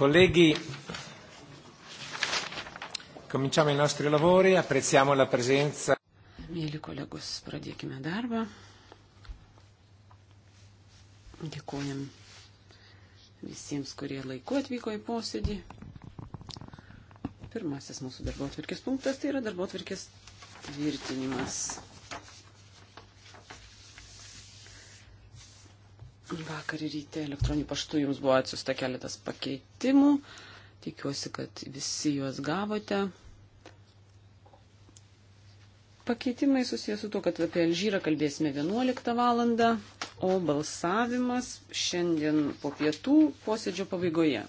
Colleghi, cominciamo i nostri lavori, apprezziamo la presenza. Mėly kolegos, pradėkime darbą. Dėkojam visiems, kurie laiku atvyko į posėdį. Pirmasis mūsų darbo atvirkės punktas tai yra darbo atvirkės tvirtinimas. vakar ryte elektroniniu paštu jums buvo atsiusta keletas pakeitimų. Tikiuosi, kad visi juos gavote. Pakeitimai susijęs su to, kad apie Alžyrą kalbėsime 11 valandą, o balsavimas šiandien po pietų posėdžio pabaigoje.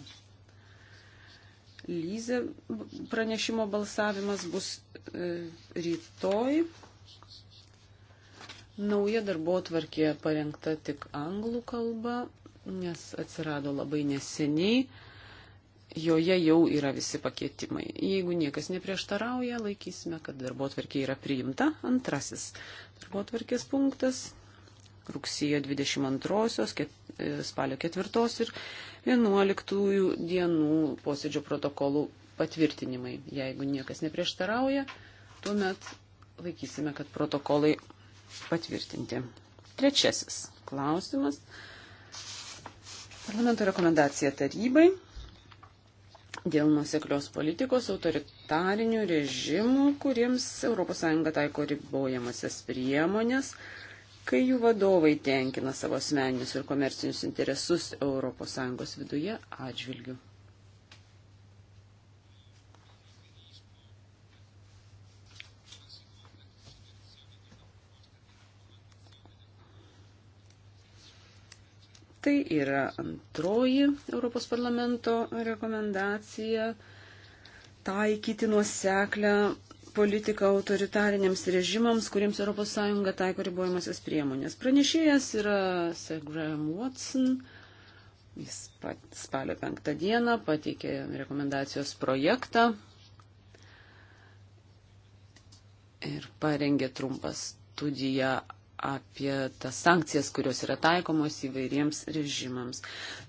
Lyze pranešimo balsavimas bus e, rytoj Nauja darbo tvarkė parengta tik anglų kalba, nes atsirado labai neseniai. Joje jau yra visi pakeitimai. Jeigu niekas neprieštarauja, laikysime, kad darbo tvarkė yra priimta. Antrasis darbo tvarkės punktas rugsėjo 22, e, spalio 4 ir 11 dienų posėdžio protokolų patvirtinimai. Jeigu niekas neprieštarauja, tuomet laikysime, kad protokolai patvirtinti. Trečiasis klausimas. Parlamento rekomendacija tarybai dėl nuseklios politikos autoritarinių režimų, kuriems ES taiko ribojamasias priemonės, kai jų vadovai tenkina savo asmeninius ir komercinius interesus ES viduje atžvilgių. Tai yra antroji Europos parlamento rekomendacija taikyti nuoseklę politiką autoritariniams režimams, kuriems ES taiko ribojamasias priemonės. Pranešėjas yra Sir Graham Watson. Jis pat, spalio penktą dieną pateikė rekomendacijos projektą ir parengė trumpą studiją apie tas sankcijas, kurios yra taikomos įvairiems režimams.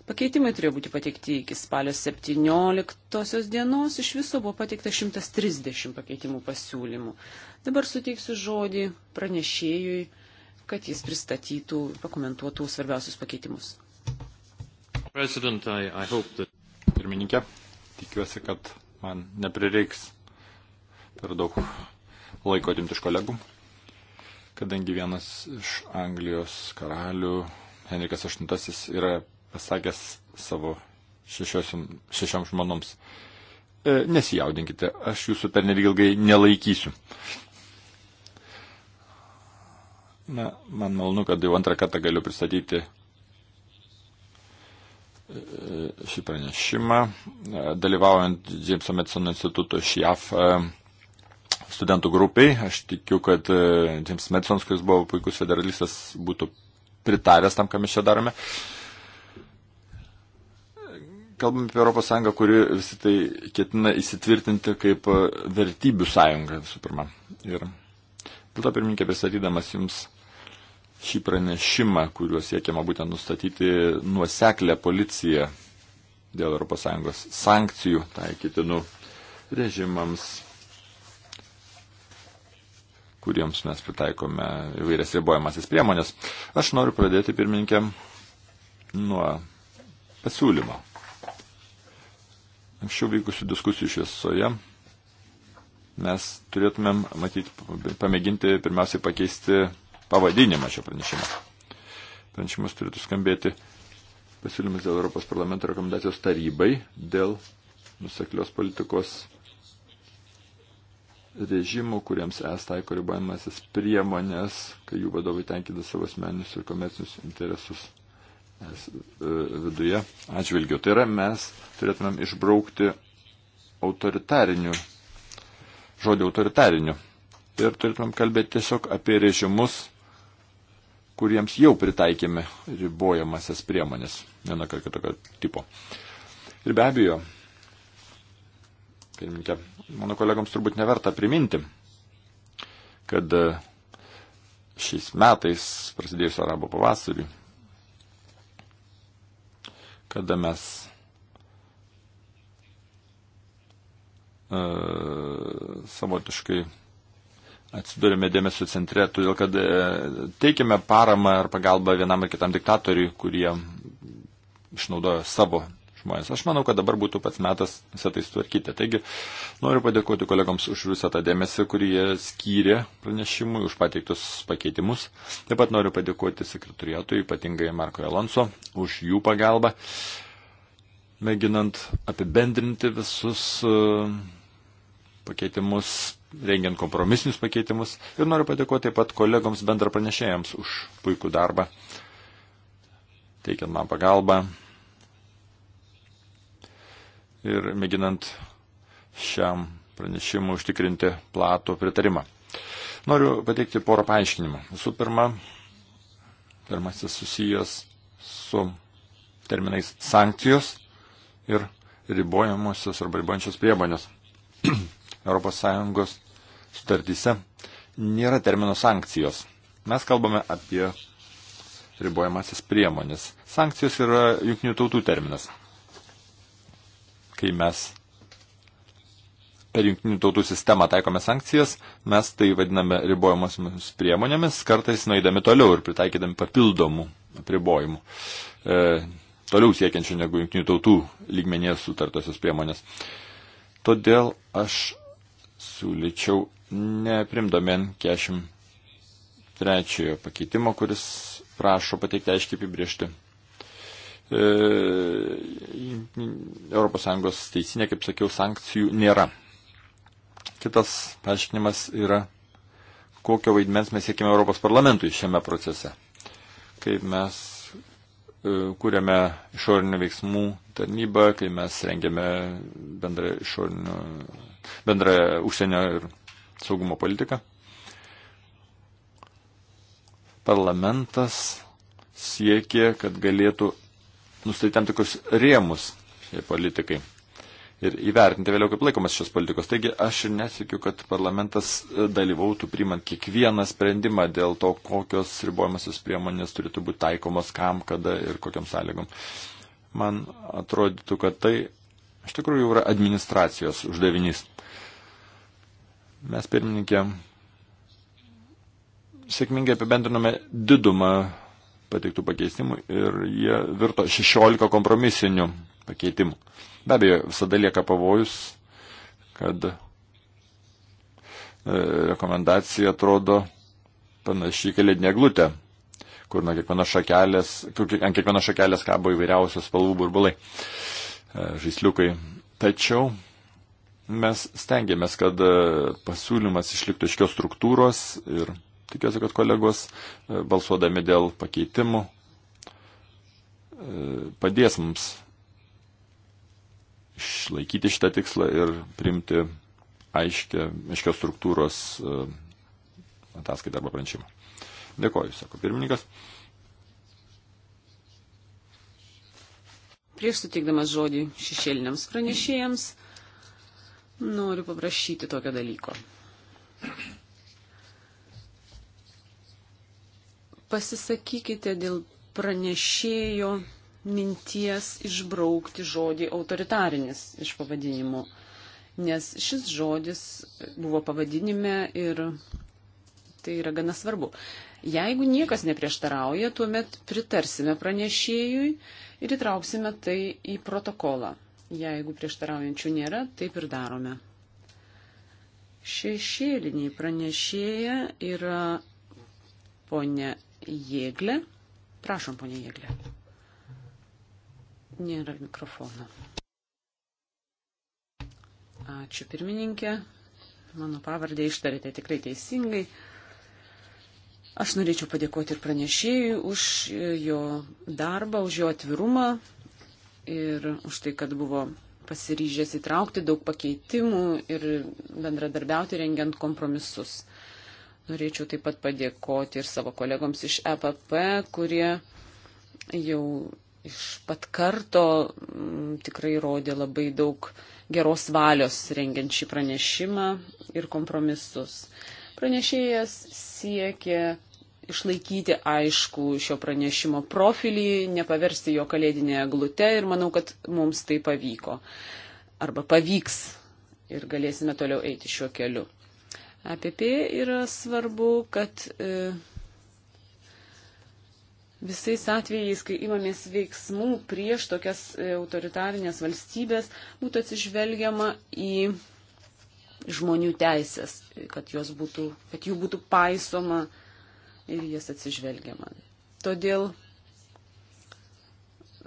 Pakeitimai turėjo būti pateikti iki spalio 17 dienos, iš viso buvo pateikta 130 pakeitimų pasiūlymų. Dabar suteiksiu žodį pranešėjui, kad jis pristatytų, pakomentuotų svarbiausius pakeitimus. I, I that... Pirmininkė, tikiuosi, kad man neprireiks per daug laiko atimti iš kolegų kadangi vienas iš Anglijos karalių, Henrikas VIII, yra pasakęs savo šešioms žmonoms, e, nesijaudinkite, aš jūsų per nedig ilgai nelaikysiu. Na, man malonu, kad jau antrą kartą galiu pristatyti e, šį pranešimą, dalyvaujant Jameso Medicino instituto iš JAV studentų grupiai. Aš tikiu, kad e, James Madisons, kuris buvo puikus federalistas, būtų pritaręs tam, ką mes čia darome. Kalbame apie Europos Sąjungą, kuri vis tai ketina įsitvirtinti kaip e, vertybių sąjunga visų pirma. Ir dėl to pirmininkė pristatydamas jums šį pranešimą, kuriuo siekiama būtent nustatyti nuoseklę policiją dėl ES sankcijų taikytinų nu režimams kuriems mes pritaikome įvairias ribojamasis priemonės. Aš noriu pradėti pirmininkė nuo pasiūlymo. Anksčiau vykusių diskusijų šviesoje mes turėtumėm matyti, pamėginti pirmiausiai pakeisti pavadinimą šio pranešimo. Pranešimas turėtų skambėti pasiūlymas dėl Europos parlamento rekomendacijos tarybai dėl nuseklios politikos režimų, kuriems es taiko ribojamasis priemonės, kai jų vadovai tenkina savo asmeninius ir komercinius interesus es e, viduje atžvilgiu. Tai yra, mes turėtumėm išbraukti autoritarinių, žodį autoritarinių. Ir turėtumėm kalbėti tiesiog apie režimus, kuriems jau pritaikėme ribojamasias priemonės, vienokio ar kitokio tipo. Ir be abejo, pirmininkė. Mano kolegoms turbūt neverta priminti, kad e, šiais metais, prasidėjus arabo pavasariui, kada mes e, savotiškai atsidurime dėmesio centre, todėl kad e, teikime paramą ar pagalbą vienam ar kitam diktatoriui, kurie išnaudojo savo žmonės. Aš manau, kad dabar būtų pats metas visą tai sutvarkyti. Taigi noriu padėkoti kolegoms už visą tą dėmesį, kurį jie skyrė pranešimui, už pateiktus pakeitimus. Taip pat noriu padėkoti sekretoriatui, ypatingai Marko Alonso, už jų pagalbą, mėginant apibendrinti visus e, pakeitimus, rengiant kompromisinius pakeitimus. Ir noriu padėkoti taip pat kolegoms bendra pranešėjams už puikų darbą teikiant man pagalbą, ir mėginant šiam pranešimui užtikrinti platų pritarimą. Noriu pateikti porą paaiškinimų. Visų pirma, pirmasis susijęs su terminais sankcijos ir ribojamosios arba ribojančios priemonės. ES sutartyse nėra termino sankcijos. Mes kalbame apie ribojamasis priemonės. Sankcijos yra jungtinių tautų terminas kai mes per jungtinių tautų sistemą taikome sankcijas, mes tai vadiname ribojamosiomis priemonėmis, kartais naidami toliau ir pritaikydami papildomų apribojimų. E, toliau siekiančių negu jungtinių tautų lygmenės sutartosios priemonės. Todėl aš siūlyčiau neprimdomen 43 pakeitimo, kuris prašo pateikti aiškiai apibriežti ES teisinė, kaip sakiau, sankcijų nėra. Kitas paaiškinimas yra, kokio vaidmens mes siekime Europos parlamentui šiame procese. Kaip mes e, kūrėme išorinių veiksmų tarnybą, kai mes rengėme bendrą, bendrą užsienio ir saugumo politiką. Parlamentas siekė, kad galėtų nustatyti tam tikrus rėmus politikai ir įvertinti vėliau, kaip laikomas šios politikos. Taigi aš ir nesikiu, kad parlamentas dalyvautų priimant kiekvieną sprendimą dėl to, kokios ribojamasios priemonės turėtų būti taikomos, kam, kada ir kokiam sąlygom. Man atrodytų, kad tai iš tikrųjų yra administracijos uždavinys. Mes pirmininkė sėkmingai apibendrinome didumą pateiktų pakeitimų ir jie virto 16 kompromisinių pakeitimų. Be abejo, visada lieka pavojus, kad e, rekomendacija atrodo panašiai kalėdinė glutė, kur, na, šakelės, kur ant kiekvienos šakelės kabo įvairiausios spalvų burbulai, e, žaisliukai. Tačiau mes stengiamės, kad e, pasiūlymas išliktų iškios struktūros ir Tikiuosi, kad kolegos e, balsuodami dėl pakeitimų e, padės mums išlaikyti šitą tikslą ir priimti aiškia, aiškios struktūros e, ataskaitą arba pranešimą. Dėkoju, sako pirmininkas. Prieš sutikdamas žodį šešėliniams pranešėjams, noriu paprašyti tokio dalyko. pasisakykite dėl pranešėjo minties išbraukti žodį autoritarinis iš pavadinimo, nes šis žodis buvo pavadinime ir tai yra gana svarbu. Jeigu niekas neprieštarauja, tuomet pritarsime pranešėjui ir įtrauksime tai į protokolą. Jeigu prieštaraujančių nėra, taip ir darome. Šešėliniai pranešėja yra ponė Jėglė. Prašom, ponė Jėglė. Nėra mikrofono. Ačiū pirmininkė. Mano pavardę ištarėte tikrai teisingai. Aš norėčiau padėkoti ir pranešėjui už jo darbą, už jo atvirumą ir už tai, kad buvo pasiryžęs įtraukti daug pakeitimų ir bendradarbiauti rengiant kompromisus. Norėčiau taip pat padėkoti ir savo kolegoms iš EPP, kurie jau iš pat karto m, mm, tikrai rodė labai daug geros valios rengiant šį pranešimą ir kompromisus. Pranešėjas siekė išlaikyti aišku šio pranešimo profilį, nepaversti jo kalėdinę glutę ir manau, kad mums tai pavyko. Arba pavyks ir galėsime toliau eiti šiuo keliu. APP yra svarbu, kad e, visais atvejais, kai imamės veiksmų prieš tokias e, autoritarinės valstybės, būtų atsižvelgiama į žmonių teisės, kad, būtų, kad jų būtų paisoma ir jas atsižvelgiama. Todėl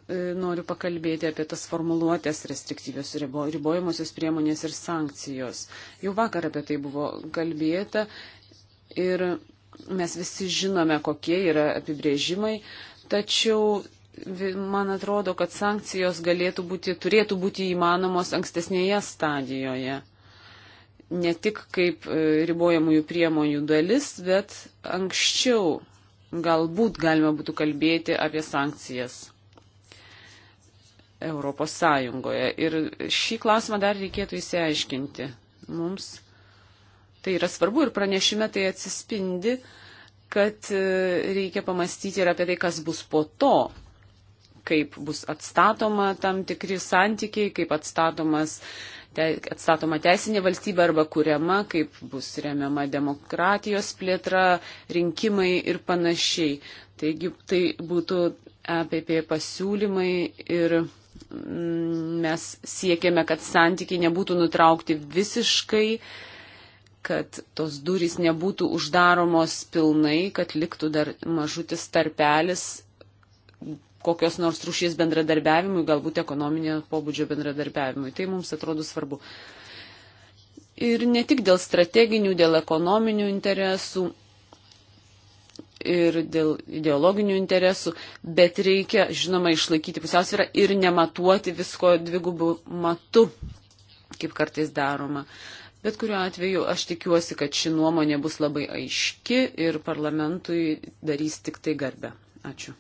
E, noriu pakalbėti apie tas formuluotės restriktyvios ribojimosios priemonės ir sankcijos. Jau vakar apie tai buvo kalbėta ir mes visi žinome, kokie yra apibrėžimai, tačiau man atrodo, kad sankcijos galėtų būti, turėtų būti įmanomos ankstesnėje stadijoje. Ne tik kaip e, ribojamųjų priemonių dalis, bet anksčiau galbūt galima būtų kalbėti apie sankcijas. Europos Sąjungoje. Ir šį klausimą dar reikėtų įsiaiškinti. Mums tai yra svarbu ir pranešime tai atsispindi, kad e, reikia pamastyti ir apie tai, kas bus po to, kaip bus atstatoma tam tikri santykiai, kaip atstatomas, te, atstatoma teisinė valstybė arba kuriama, kaip bus remiama demokratijos plėtra, rinkimai ir panašiai. Taigi tai būtų EPP pasiūlymai ir mes siekiame, kad santykiai nebūtų nutraukti visiškai, kad tos durys nebūtų uždaromos pilnai, kad liktų dar mažutis tarpelis kokios nors rūšies bendradarbiavimui, galbūt ekonominio pobūdžio bendradarbiavimui. Tai mums atrodo svarbu. Ir ne tik dėl strateginių, dėl ekonominių interesų, ir dėl ideologinių interesų, bet reikia, žinoma, išlaikyti pusiausvyrą ir nematuoti visko dvigubų matų, kaip kartais daroma. Bet kuriuo atveju aš tikiuosi, kad ši nuomonė bus labai aiški ir parlamentui darys tik tai garbę. Ačiū.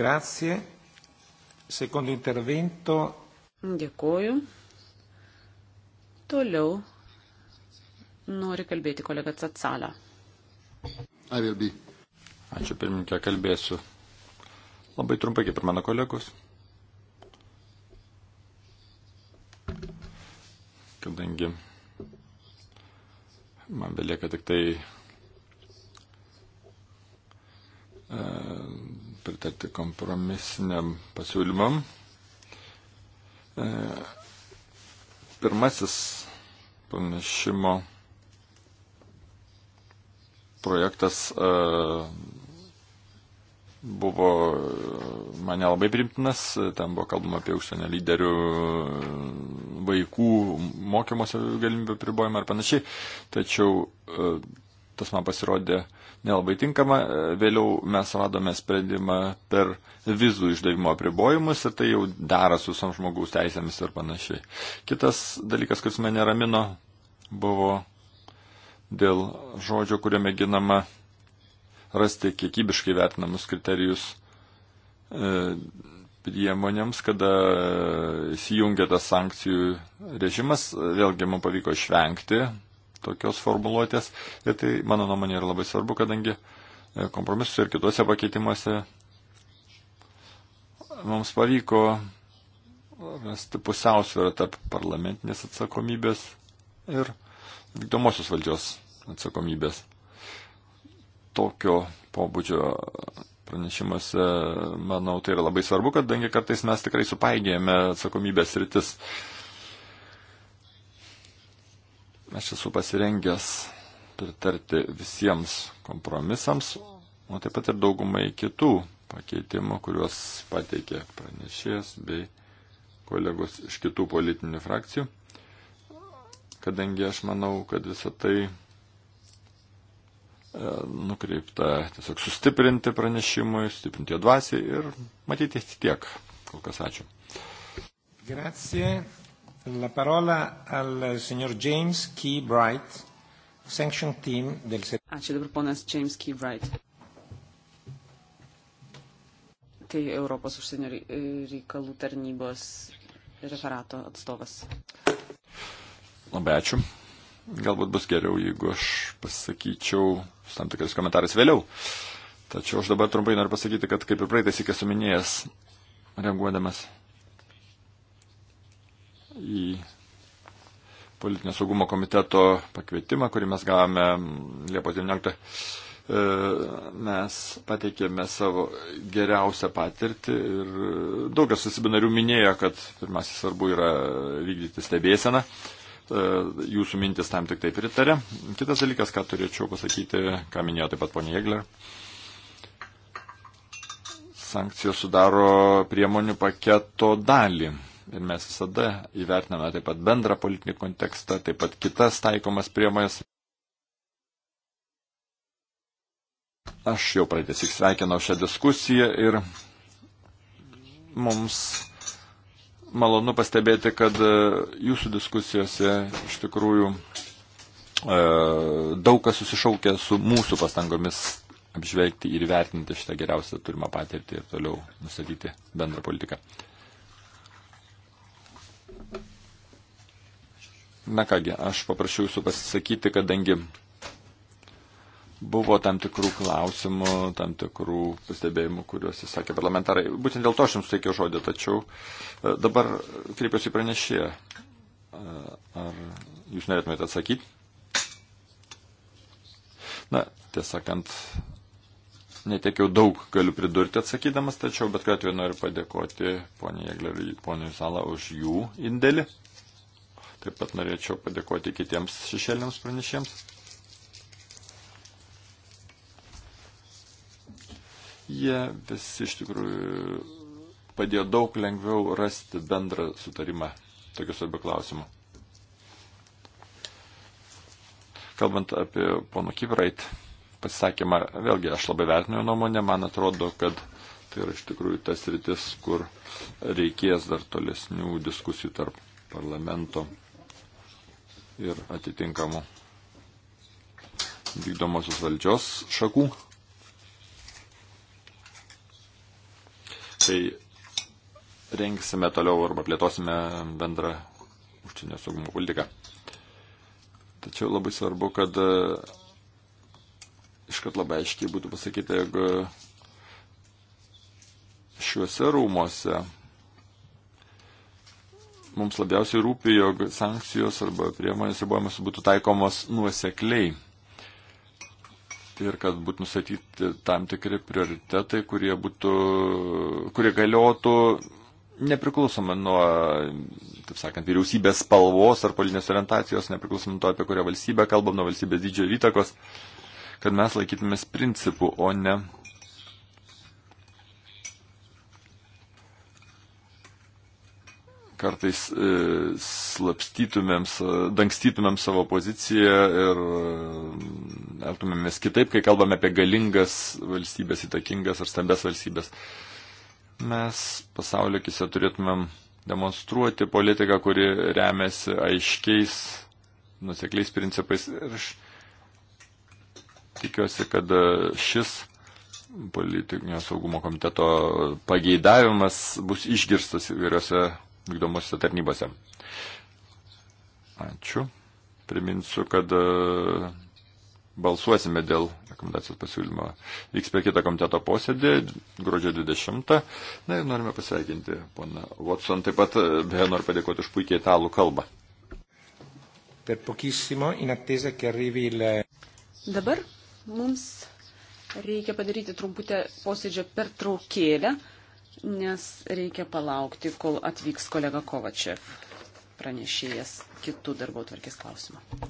Grazie. Secondo intervento. Dėkoju. Toliau Nori kalbėti kolega Catsala. Ačiū pirmininkė, kalbėsiu labai trumpai kaip ir mano kolegos. Kadangi man belieka tik tai e, pritarti kompromisiniam pasiūlymam. E, pirmasis pranešimo projektas e, buvo mane labai primtinas, ten buvo kalbama apie užsienio lyderių e, vaikų mokymosi galimybių pribojimą ir panašiai, tačiau e, tas man pasirodė nelabai tinkama. Vėliau mes radome sprendimą per vizų išdavimo apribojimus ir tai jau dera su visom žmogaus teisėmis ir panašiai. Kitas dalykas, kuris mane ramino, buvo dėl žodžio, kuriame ginama rasti kiekybiškai vertinamus kriterijus e, priemonėms, kada įsijungia tas sankcijų režimas. Vėlgi man pavyko išvengti tokios formuluotės ir tai, mano nuomonė, yra labai svarbu, kadangi e, kompromisus ir kitose pakeitimuose mums pavyko rasti pusiausvyrą tarp parlamentinės atsakomybės ir vykdomosios valdžios atsakomybės. Tokio pobūdžio pranešimuose, manau, tai yra labai svarbu, kadangi kartais mes tikrai supaigėjame atsakomybės rytis. Aš esu pasirengęs pritarti visiems kompromisams, o taip pat ir daugumai kitų pakeitimų, kuriuos pateikė pranešėjas bei kolegos iš kitų politinių frakcijų kadangi aš manau, kad visą tai e, nukreipta tiesiog sustiprinti pranešimui, stiprinti jo dvasį ir matyti tiek. Kol kas ačiū. Grazie. La parola al signor James Key Bright, sanction team del Ačiū dabar ponas James Key Bright. Tai Europos užsienio reikalų tarnybos referato atstovas. Labai ačiū. Galbūt bus geriau, jeigu aš pasakyčiau su tam tikrais komentarais vėliau. Tačiau aš dabar trumpai noriu pasakyti, kad kaip ir praeitais iki esu minėjęs, reaguodamas į politinio saugumo komiteto pakvietimą, kurį mes gavome Liepos 19. E, mes pateikėme savo geriausią patirtį ir daugas susibinarių minėjo, kad pirmiausia svarbu yra vykdyti stebėseną. E, jūsų mintis tam tik tai pritarė. Kitas dalykas, ką turėčiau pasakyti, ką minėjo taip pat ponė Jėgler. Sankcijos sudaro priemonių paketo dalį. Ir mes visada įvertiname taip pat bendrą politinį kontekstą, taip pat kitas taikomas priemonės. Aš jau pradėsiu sveikinau šią diskusiją ir mums malonu pastebėti, kad e, jūsų diskusijose iš tikrųjų e, daug kas susišaukia su mūsų pastangomis apžvelgti ir vertinti šitą geriausią turimą patirtį ir toliau nustatyti bendrą politiką. Na kągi, aš paprašiau jūsų pasisakyti, kadangi buvo tam tikrų klausimų, tam tikrų pastebėjimų, kuriuos įsakė parlamentarai. Būtent dėl to aš jums teikiau žodį, tačiau e, dabar kreipiuosi į pranešėją. E, ar jūs norėtumėte atsakyti? Na, tiesąkant, netiek jau daug galiu pridurti atsakydamas, tačiau bet kuriuo atveju noriu padėkoti poniai Jegler ir poniai Zala už jų indėlį. Taip pat norėčiau padėkoti kitiems šešėliams pranešėjams jie visi iš tikrųjų padėjo daug lengviau rasti bendrą sutarimą tokiu svarbiu klausimu. Kalbant apie pono Kivrait pasisakymą, vėlgi aš labai vertinu nuomonę, man atrodo, kad tai yra iš tikrųjų tas rytis, kur reikės dar tolesnių diskusijų tarp parlamento ir atitinkamų vykdomosios valdžios šakų. greičiausiai rengsime toliau arba plėtosime bendrą užsienio saugumo politiką. Tačiau labai svarbu, kad e, iškart labai aiškiai būtų pasakyti, jog e, šiuose rūmose mums labiausiai rūpi, jog sankcijos arba priemonės ribojimas būtų taikomos nuosekliai atsižvelgti ir kad būtų nustatyti tam tikri prioritetai, kurie, būtų, kurie galiotų nepriklausomai nuo, taip sakant, vyriausybės spalvos ar politinės orientacijos, nepriklausomai nuo to, apie kurią valstybę kalbam, nuo valstybės didžio įtakos, kad mes laikytumės principų, o ne kartais e, slapstytumėm, dangstytumėm savo poziciją ir e, elgtumėmės kitaip, kai kalbame apie galingas valstybės, įtakingas ar stambes valstybės. Mes pasaulio kise turėtumėm demonstruoti politiką, kuri remiasi aiškiais, nusekliais principais. Ir aš tikiuosi, kad šis politinio saugumo komiteto pageidavimas bus išgirstas įvairiose vykdomosiose tarnybose. Ačiū. Priminsiu, kad balsuosime dėl rekomendacijos pasiūlymo. Vyks per kitą komiteto posėdį, gruodžio 20. Na ir norime pasveikinti poną Watson. Taip pat beje noriu padėkoti už puikiai italų kalbą. Per pochissimo, in attesa che arrivi il... Dabar mums reikia padaryti trumputę posėdžio pertraukėlę, nes reikia palaukti, kol atvyks kolega Kovačev pranešėjas kitų darbo tvarkės klausimų.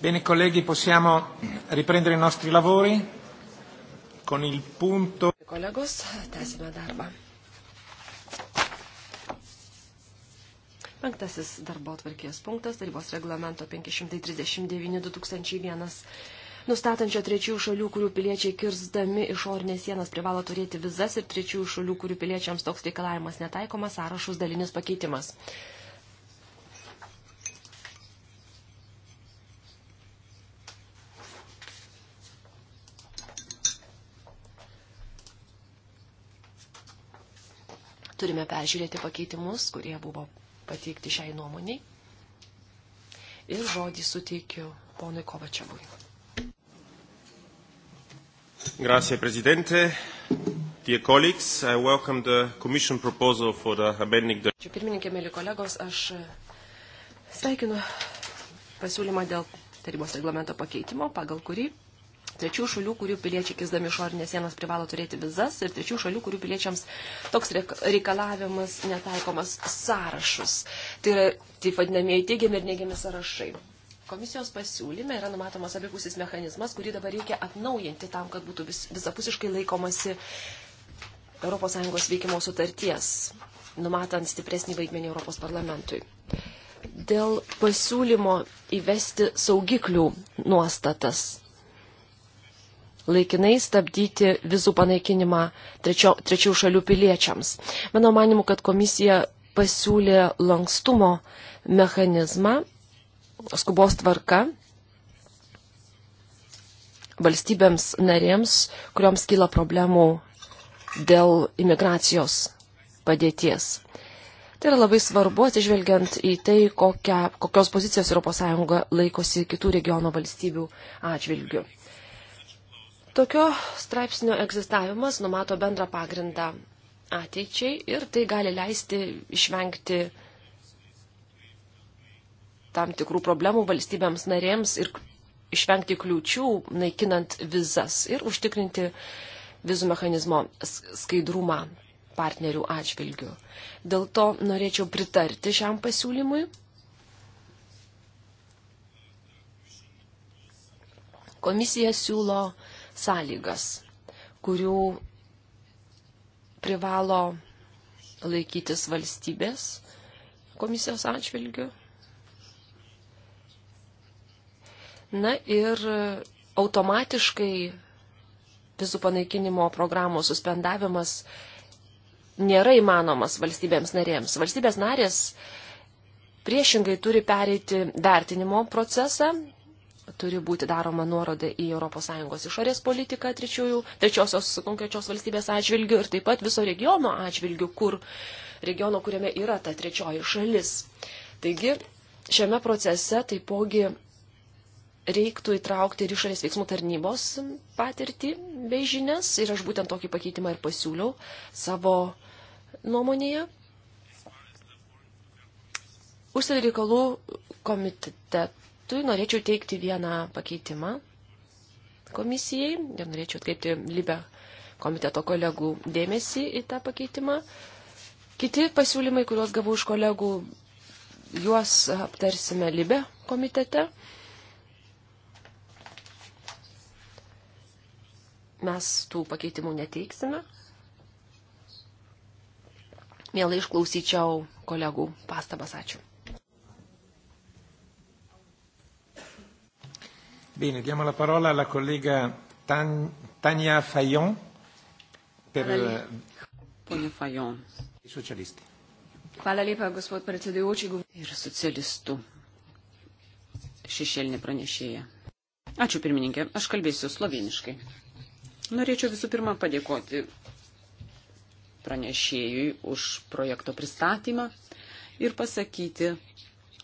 Bene colleghi, possiamo riprendere i nostri lavori con il punto. Kolegos, tęsime darbą. Penktasis darbo atvarkės punktas, tarybos reglamento 539-2001, nustatančio trečiųjų šalių, kurių piliečiai kirsdami išorinės sienas privalo turėti vizas ir trečiųjų šalių, kurių piliečiams toks reikalavimas netaikomas, sąrašus dalinis pakeitimas. peržiūrėti pakeitimus, kurie buvo pateikti šiai nuomoniai. Ir žodį suteikiu ponui Kovačiavui. Grazie, Presidente. Dear colleagues, I welcome the Commission proposal for the amending the... Čia pirmininkė, mėly kolegos, aš sveikinu pasiūlymą dėl tarybos reglamento pakeitimo, pagal kurį trečių šalių, kurių piliečiai kizdami išorinės sienas privalo turėti vizas ir trečių šalių, kurių piliečiams toks reikalavimas netaikomas sąrašus. Tai yra taip vadinamieji teigiami ir neigiami sąrašai. Komisijos pasiūlyme yra numatomas abipusis mechanizmas, kurį dabar reikia atnaujinti tam, kad būtų vis, visapusiškai laikomasi ES veikimo sutarties, numatant stipresnį vaidmenį Europos parlamentui dėl pasiūlymo įvesti saugiklių nuostatas laikinai stabdyti vizų panaikinimą trečio, trečių šalių piliečiams. Mano manimu, kad komisija pasiūlė lankstumo mechanizmą skubos tvarka valstybėms narėms, kurioms kyla problemų dėl imigracijos padėties. Tai yra labai svarbu atsižvelgiant į tai, kokia, kokios pozicijos ES laikosi kitų regiono valstybių atžvilgių. Tokio straipsnio egzistavimas numato bendrą pagrindą ateičiai ir tai gali leisti išvengti tam tikrų problemų valstybėms narėms ir išvengti kliūčių, naikinant vizas ir užtikrinti vizų mechanizmo skaidrumą partnerių atžvilgių. Dėl to norėčiau pritarti šiam pasiūlymui. Komisija siūlo sąlygas, kurių privalo laikytis valstybės komisijos atžvilgių. Na ir automatiškai vizų panaikinimo programos suspendavimas nėra įmanomas valstybėms narėms. Valstybės narės priešingai turi pereiti vertinimo procesą, turi būti daroma nuoroda į ES išorės politiką trečiųjų, trečiosios konkrečios valstybės atžvilgių ir taip pat viso regiono atžvilgių, kur regiono, kuriame yra ta trečioji šalis. Taigi, šiame procese taipogi reiktų įtraukti ir išorės veiksmų tarnybos patirtį bei žinias ir aš būtent tokį pakeitimą ir pasiūliau savo nuomonėje. Užsienio reikalų komitete aktui norėčiau teikti vieną pakeitimą komisijai ir norėčiau atkreipti Libę komiteto kolegų dėmesį į tą pakeitimą. Kiti pasiūlymai, kuriuos gavau iš kolegų, juos aptarsime Libę komitete. Mes tų pakeitimų neteiksime. Mielai išklausyčiau kolegų pastabas. Ačiū. Bene, diamo la parola alla collega Tan, Tania Fayon per Pone Fajon. i socialisti. Hvala lepa, gospod predsedujoči. Ir socialistų šešėlinė pranešėja. Ačiū pirmininkė, aš kalbėsiu sloveniškai. Norėčiau visų pirma padėkoti pranešėjui už projekto pristatymą ir pasakyti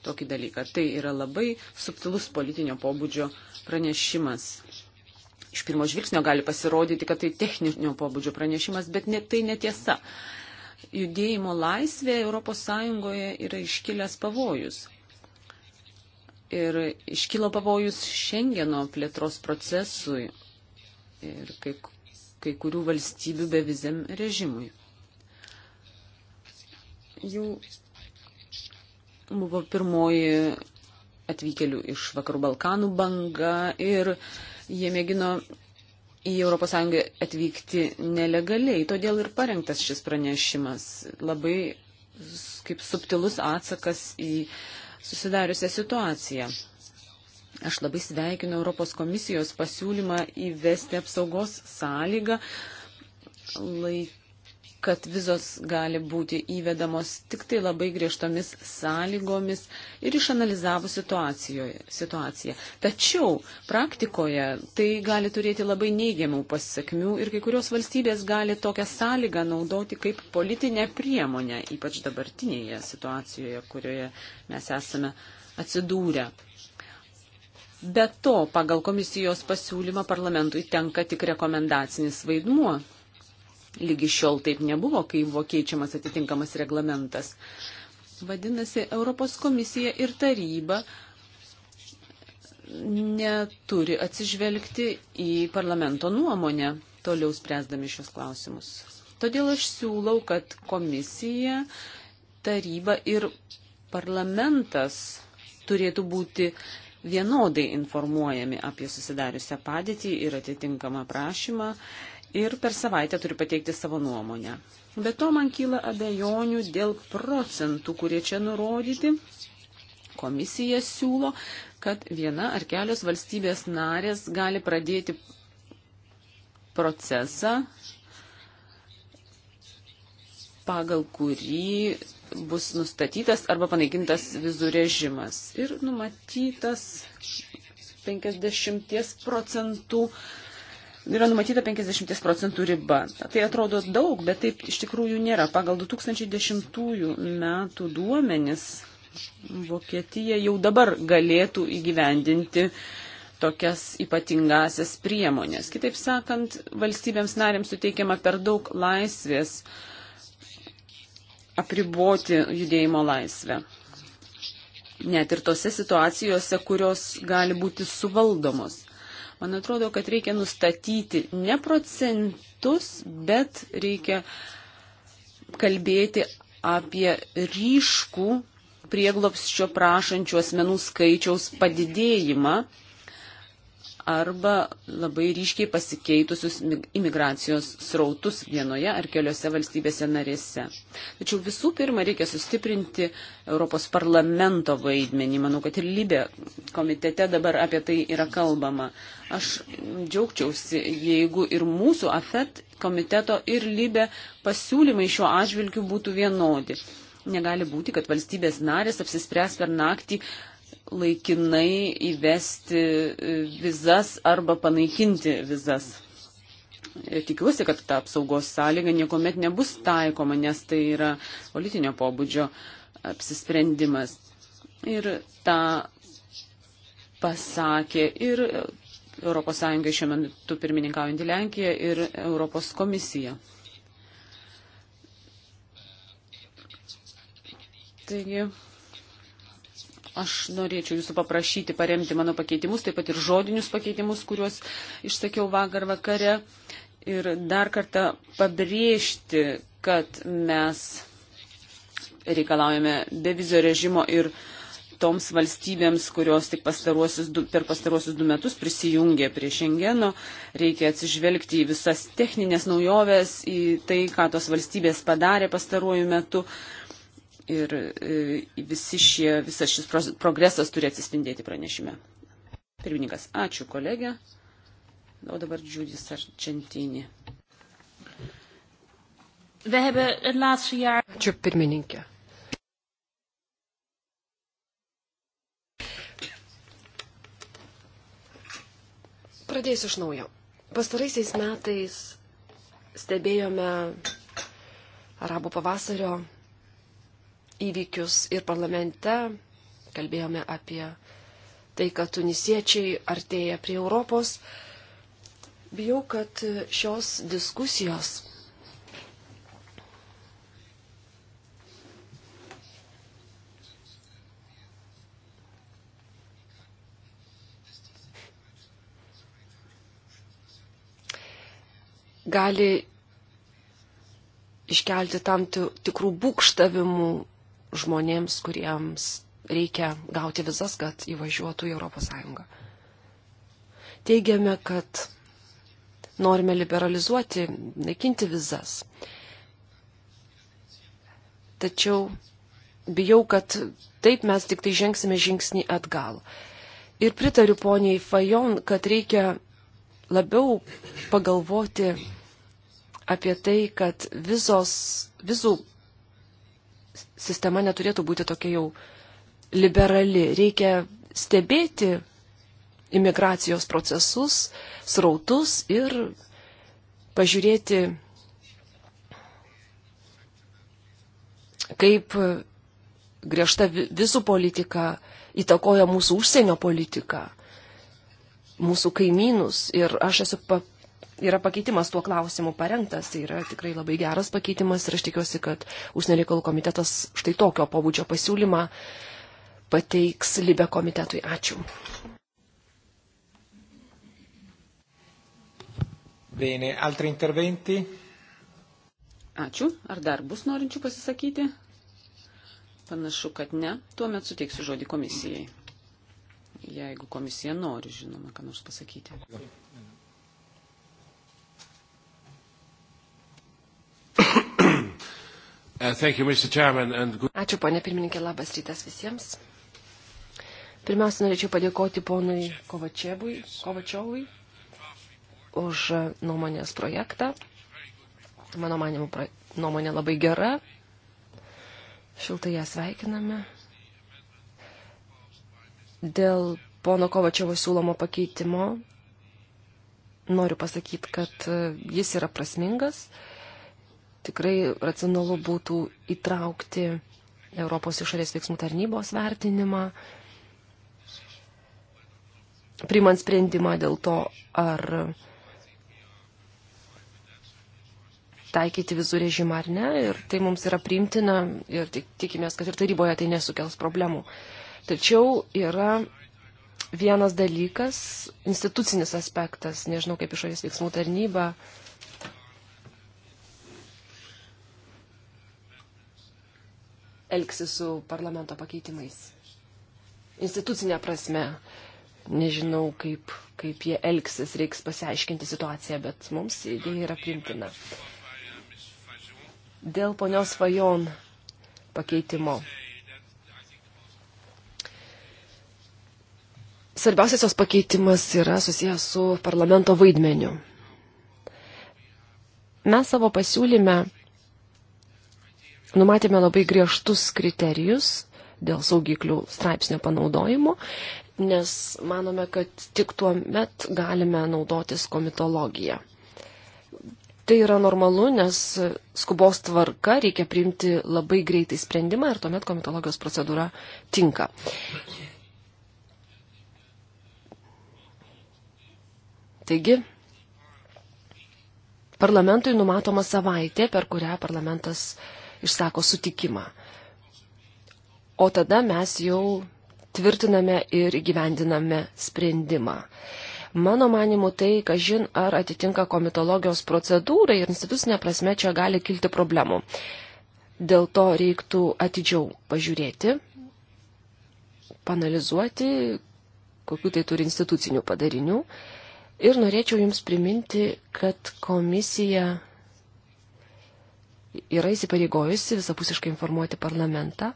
tokį dalyką. Tai yra labai subtilus politinio pobūdžio uh, pranešimas. Iš pirmo žvilgsnio gali pasirodyti, kad tai techninio pobūdžio pranešimas, bet ne, tai netiesa. Judėjimo laisvė ES yra iškilęs pavojus. Ir iškilo pavojus Šengeno plėtros procesui ir kai, kai kurių valstybių beviziam režimui. Jau buvo pirmoji atvykėlių iš Vakarų Balkanų banga ir jie mėgino į ES atvykti nelegaliai. Todėl ir parengtas šis pranešimas. Labai kaip subtilus atsakas į susidariusią situaciją. Aš labai sveikinu Europos komisijos pasiūlymą įvesti apsaugos sąlygą laik kad vizos gali būti įvedamos tik tai labai griežtomis sąlygomis ir išanalizavus situaciją. Tačiau praktikoje tai gali turėti labai neigiamų pasiekmių ir kai kurios valstybės gali tokią sąlygą naudoti kaip politinę priemonę, ypač dabartinėje situacijoje, kurioje mes esame atsidūrę. Be to, pagal komisijos pasiūlymą parlamentui tenka tik rekomendacinis vaidmuo, Lygi šiol taip nebuvo, kai buvo keičiamas atitinkamas reglamentas. Vadinasi, Europos komisija ir taryba neturi atsižvelgti į parlamento nuomonę, toliau spręsdami šios klausimus. Todėl aš siūlau, kad komisija, taryba ir parlamentas turėtų būti vienodai informuojami apie susidariusią padėtį ir atitinkamą prašymą. Uh, ir per savaitę turi pateikti savo nuomonę. Be to man kyla abejonių dėl procentų, kurie čia nurodyti. Komisija siūlo, kad viena ar kelios valstybės narės gali pradėti procesą, pagal kurį bus nustatytas arba panaikintas vizų režimas ir numatytas 50 procentų uh, yra numatyta 50 procentų riba. Tai atrodo daug, bet taip iš tikrųjų nėra. Pagal 2010 metų duomenis Vokietija jau dabar galėtų įgyvendinti tokias ypatingasias priemonės. Kitaip sakant, valstybėms narėms suteikiama per daug laisvės apriboti judėjimo laisvę. Net ir tose situacijose, kurios gali būti suvaldomos. Man atrodo, kad reikia nustatyti ne procentus, bet reikia kalbėti apie ryškų prieglopsčio prašančių asmenų skaičiaus padidėjimą arba labai ryškiai pasikeitusius imigracijos srautus vienoje ar keliose valstybėse narėse. Tačiau visų pirma reikia sustiprinti Europos parlamento vaidmenį. Manau, kad ir Libė komitete dabar apie tai yra kalbama. Aš džiaugčiausi, jeigu ir mūsų AFET komiteto ir Libė pasiūlymai šiuo atžvilgiu būtų vienodi. Negali būti, kad valstybės narės apsispręs per naktį laikinai įvesti e, vizas arba panaikinti vizas. Ir tikiuosi, kad ta apsaugos sąlyga niekuomet nebus taikoma, nes tai yra politinio pobūdžio apsisprendimas. Ir tą pasakė ir ES šiuo metu pirmininkaujantį Lenkiją ir Europos komisiją. Taigi, Aš norėčiau jūsų paprašyti paremti mano pakeitimus, taip pat ir žodinius pakeitimus, kuriuos išsakiau vakar vakare. Ir dar kartą pabrėžti, kad mes reikalaujame bevizio režimo ir toms valstybėms, kurios tik pastaruosius du, per pastaruosius du metus prisijungė prie Šengeno, reikia atsižvelgti į visas techninės naujoves, į tai, ką tos valstybės padarė pastaruoju metu. Uh, Ir e, visi šie, visas šis progresas turi atsispindėti pranešime. Pirmininkas, ačiū kolegė. O dabar Džiudis Argentinį. Ačiū pirmininkė. Pradėsiu iš naujo. Pastaraisiais metais stebėjome arabų pavasario įvykius ir parlamente, kalbėjome apie tai, kad tunisiečiai artėja prie Europos. Bijau, kad šios diskusijos gali iškelti tam tikrų būkštavimų žmonėms, kuriems reikia gauti vizas, kad įvažiuotų į ES. Teigiame, kad norime liberalizuoti, naikinti vizas. Tačiau bijau, kad taip mes tik tai žengsime žingsnį atgal. Ir pritariu poniai Fajon, kad reikia labiau pagalvoti apie tai, kad vizos, vizų sistema neturėtų būti tokia jau liberali. Reikia stebėti imigracijos procesus, srautus ir pažiūrėti, kaip griežta visų politika įtakoja mūsų užsienio politiką, mūsų kaimynus. Ir aš esu yra pakeitimas tuo klausimu parengtas, tai yra tikrai labai geras pakeitimas ir aš tikiuosi, kad užsienio reikalų komitetas štai tokio pobūdžio pasiūlymą pateiks Libe komitetui. Ačiū. Bene, altri interventi? Ačiū. Ar dar bus norinčių pasisakyti? Panašu, kad ne. Tuomet suteiksiu žodį komisijai. Jeigu komisija nori, žinoma, ką nors pasakyti. Jo. Uh, you, and... Ačiū, ponė pirmininkė, labas rytas visiems. Pirmiausia, norėčiau padėkoti ponui Kovačiovui už nuomonės projektą. Mano manimo, pra... nuomonė labai gera. Šiltai ją sveikiname. Dėl pono Kovačiovo siūlomo pakeitimo noriu pasakyti, kad jis yra prasmingas tikrai racionalu būtų įtraukti Europos išorės veiksmų tarnybos vertinimą, primant sprendimą dėl to, ar taikyti vizų režimą ar ne, ir tai mums yra priimtina ir tikimės, kad ir taryboje tai nesukels problemų. Tačiau yra vienas dalykas, institucinis aspektas, nežinau kaip išorės veiksmų tarnyba, uh, elgsis su parlamento pakeitimais. Institucinė prasme, nežinau, kaip, kaip jie elgsis, reiks pasiaiškinti situaciją, bet mums idėja yra primtina. Dėl ponios Fajon pakeitimo. Svarbiausias jos pakeitimas yra susijęs su parlamento vaidmeniu. Mes savo pasiūlyme numatėme labai griežtus kriterijus dėl saugiklių straipsnio panaudojimo, nes manome, kad tik tuo met galime naudotis komitologiją. Tai yra normalu, nes skubos tvarka reikia priimti labai greitai sprendimą ir tuomet komitologijos procedūra tinka. Taigi, parlamentui numatoma savaitė, per kurią parlamentas uh, išsako sutikimą. O tada mes jau tvirtiname ir gyvendiname sprendimą. Mano manimu, tai, kažin, ar atitinka komitologijos procedūrai ir institucinė prasme čia gali kilti problemų. Dėl to reiktų atidžiau pažiūrėti, panalizuoti, kokiu tai turi institucinių padarinių. Ir norėčiau Jums priminti, kad komisija yra įsipareigojusi visapusiškai informuoti parlamentą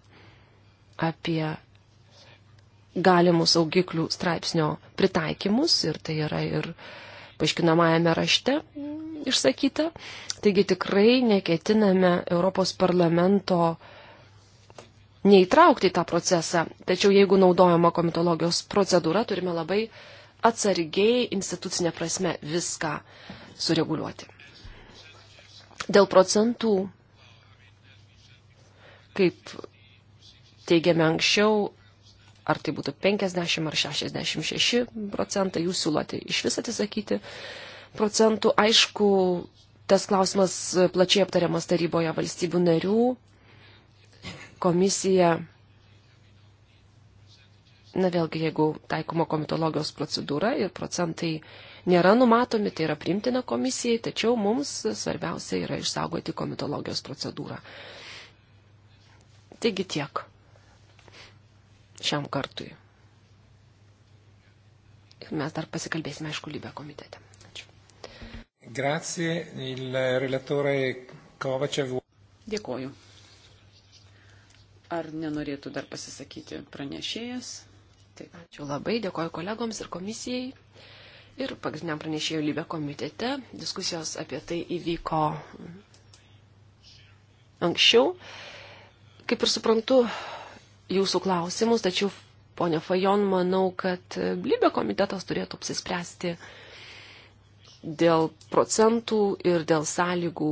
apie galimus saugiklių straipsnio pritaikymus ir tai yra ir paaiškinamajame rašte išsakyta. Taigi tikrai neketiname Europos parlamento neįtraukti į tą procesą. Tačiau jeigu naudojama komitologijos procedūra, turime labai atsargiai institucinė prasme viską sureguliuoti. Dėl procentų, kaip teigiame anksčiau, ar tai būtų 50 ar 66 procentai, jūs siūlote iš vis atsisakyti procentų. Aišku, tas klausimas plačiai aptariamas taryboje valstybių narių. Komisija Na vėlgi, jeigu taikoma komitologijos procedūra ir procentai nėra numatomi, tai yra primtina komisijai, tačiau mums svarbiausia yra išsaugoti komitologijos procedūrą. Taigi tiek šiam kartui. Ir mes dar pasikalbėsime, aišku, lybę komitete. Ačiū. Grazie, il relatore Kovačev. Dėkoju. Ar nenorėtų dar pasisakyti pranešėjas? Tai ačiū labai, dėkoju kolegoms ir komisijai. Ir pagrindiniam pranešėjų lybė komitete diskusijos apie tai įvyko anksčiau. Kaip ir suprantu jūsų klausimus, tačiau, ponia Fajon, manau, kad lybė komitetas turėtų apsispręsti dėl procentų ir dėl sąlygų,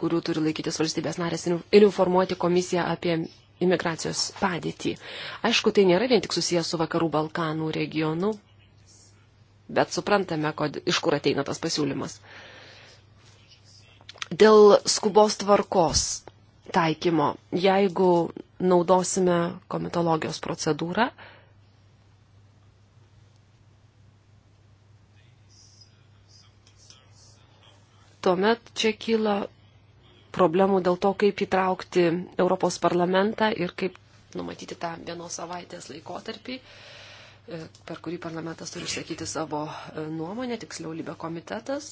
kurių turi laikytis valstybės narės ir informuoti komisiją apie imigracijos padėtį. Aišku, tai nėra vien tik susijęs su vakarų Balkanų regionu, bet suprantame, kod, iš kur ateina tas pasiūlymas. Dėl skubos tvarkos taikymo, jeigu naudosime komitologijos procedūrą, tuomet čia kyla problemų dėl to, kaip įtraukti Europos parlamentą ir kaip numatyti tą vienos savaitės laikotarpį, e, per kurį parlamentas turi išsakyti savo e, nuomonę, tiksliau Libė komitetas.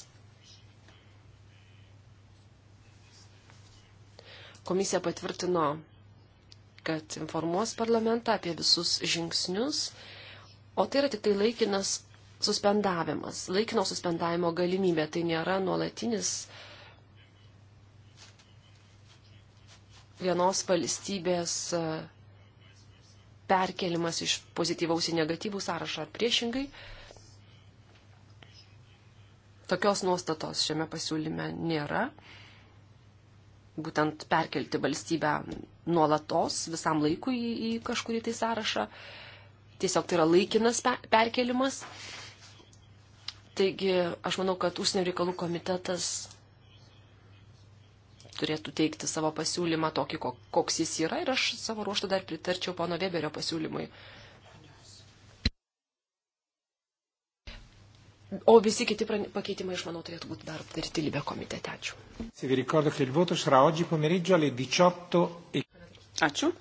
Komisija patvirtino, kad informuos parlamentą apie visus žingsnius, o tai yra tik tai laikinas suspendavimas, laikino suspendavimo galimybė, tai nėra nuolatinis uh, vienos valstybės e, perkelimas iš pozityvaus į negatyvų sąrašą ar priešingai. Tokios nuostatos šiame pasiūlyme nėra. Būtent perkelti valstybę nuolatos visam laikui į, į kažkurį tai sąrašą. Tiesiog tai yra laikinas perkelimas. Taigi aš manau, kad užsienio reikalų komitetas turėtų teikti savo pasiūlymą tokį, koks jis yra ir aš savo ruoštą dar pritarčiau pono Weberio pasiūlymui. O visi kiti pakeitimai, aš manau, turėtų būti dar aptarti Libė komitete. Ačiū. E- Ačiū.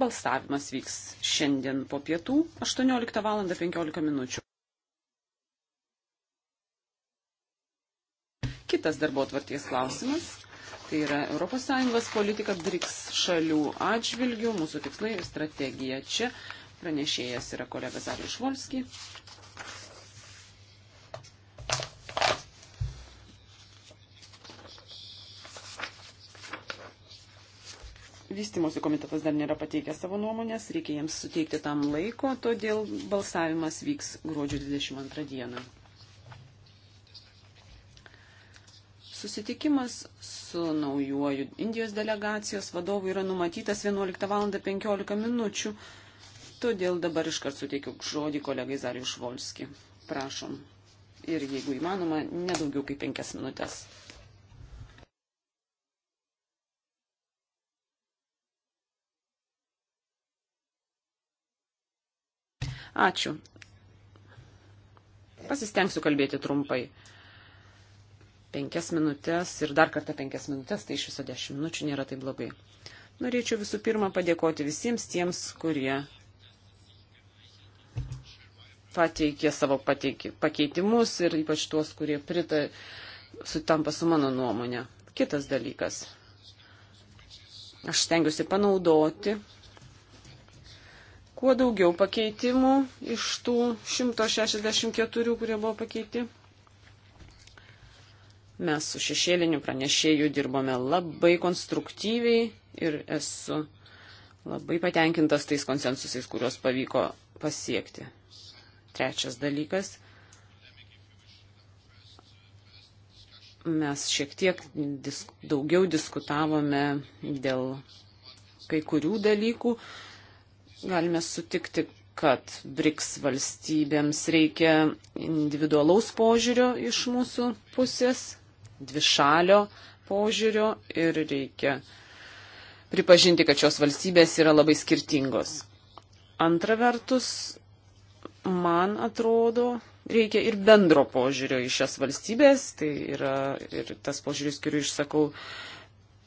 Balsavimas vyks šiandien po pietų 18 val. 15 minučių. kitas darbo tvarties klausimas. Tai yra ES politika BRICS šalių atžvilgių, mūsų tikslai ir strategija. Čia pranešėjas yra kolega Zarius Švolski. vystimosi komitetas dar nėra pateikęs savo nuomonės, reikia jiems suteikti tam laiko, todėl balsavimas vyks gruodžio 22 dieną. Susitikimas su naujuoju Indijos delegacijos vadovu yra numatytas 11 val. 15 minučių, todėl dabar iškart suteikiu žodį kolegai Zariu Švolski. Prašom. Ir jeigu įmanoma, nedaugiau kaip 5 minutės. Ačiū. Pasistengsiu kalbėti trumpai penkias minutės ir dar kartą penkias minutės, tai iš viso dešimt minučių nėra taip blogai. Norėčiau visų pirma padėkoti visiems tiems, kurie pateikė savo pateikė, pakeitimus ir ypač tuos, kurie prita, sutampa su mano nuomonė. Kitas dalykas. Aš stengiuosi panaudoti kuo daugiau pakeitimų iš tų 164, kurie buvo pakeiti. Mes su šešėliniu pranešėju dirbome labai konstruktyviai ir esu labai patenkintas tais konsensusais, kuriuos pavyko pasiekti. Trečias dalykas. Mes šiek tiek disk, daugiau diskutavome dėl kai kurių dalykų. Galime sutikti, kad BRICS valstybėms reikia individualaus požiūrio iš mūsų pusės dvišalio požiūrio ir reikia pripažinti, kad šios valstybės yra labai skirtingos. Antra vertus, man atrodo, reikia ir bendro požiūrio į šias valstybės, tai yra ir tas požiūris, kurį išsakau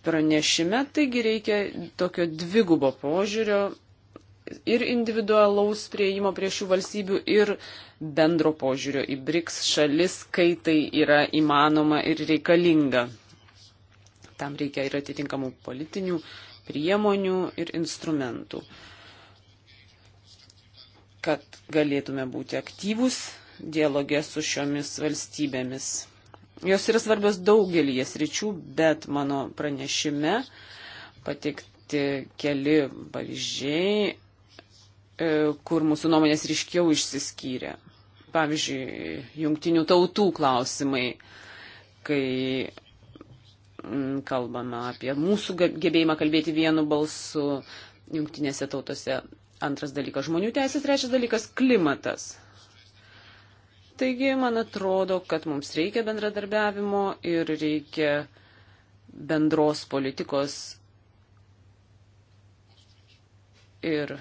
pranešime, taigi reikia tokio dvigubo požiūrio ir individualaus prieimo prie šių valstybių, ir bendro požiūrio į BRICS šalis, kai tai yra įmanoma ir reikalinga. Tam reikia ir atitinkamų politinių priemonių ir instrumentų, kad galėtume būti aktyvus dialogė su šiomis valstybėmis. Jos yra svarbios daugelį jas ryčių, bet mano pranešime pateikti keli pavyzdžiai E, kur mūsų nuomonės ryškiau išsiskyrė. Pavyzdžiui, jungtinių tautų klausimai, kai mm, kalbame apie mūsų gebėjimą kalbėti vienu balsu jungtinėse tautose. Antras dalykas - žmonių teisės, trečias dalykas - klimatas. Taigi, man atrodo, kad mums reikia bendradarbiavimo ir reikia bendros politikos ir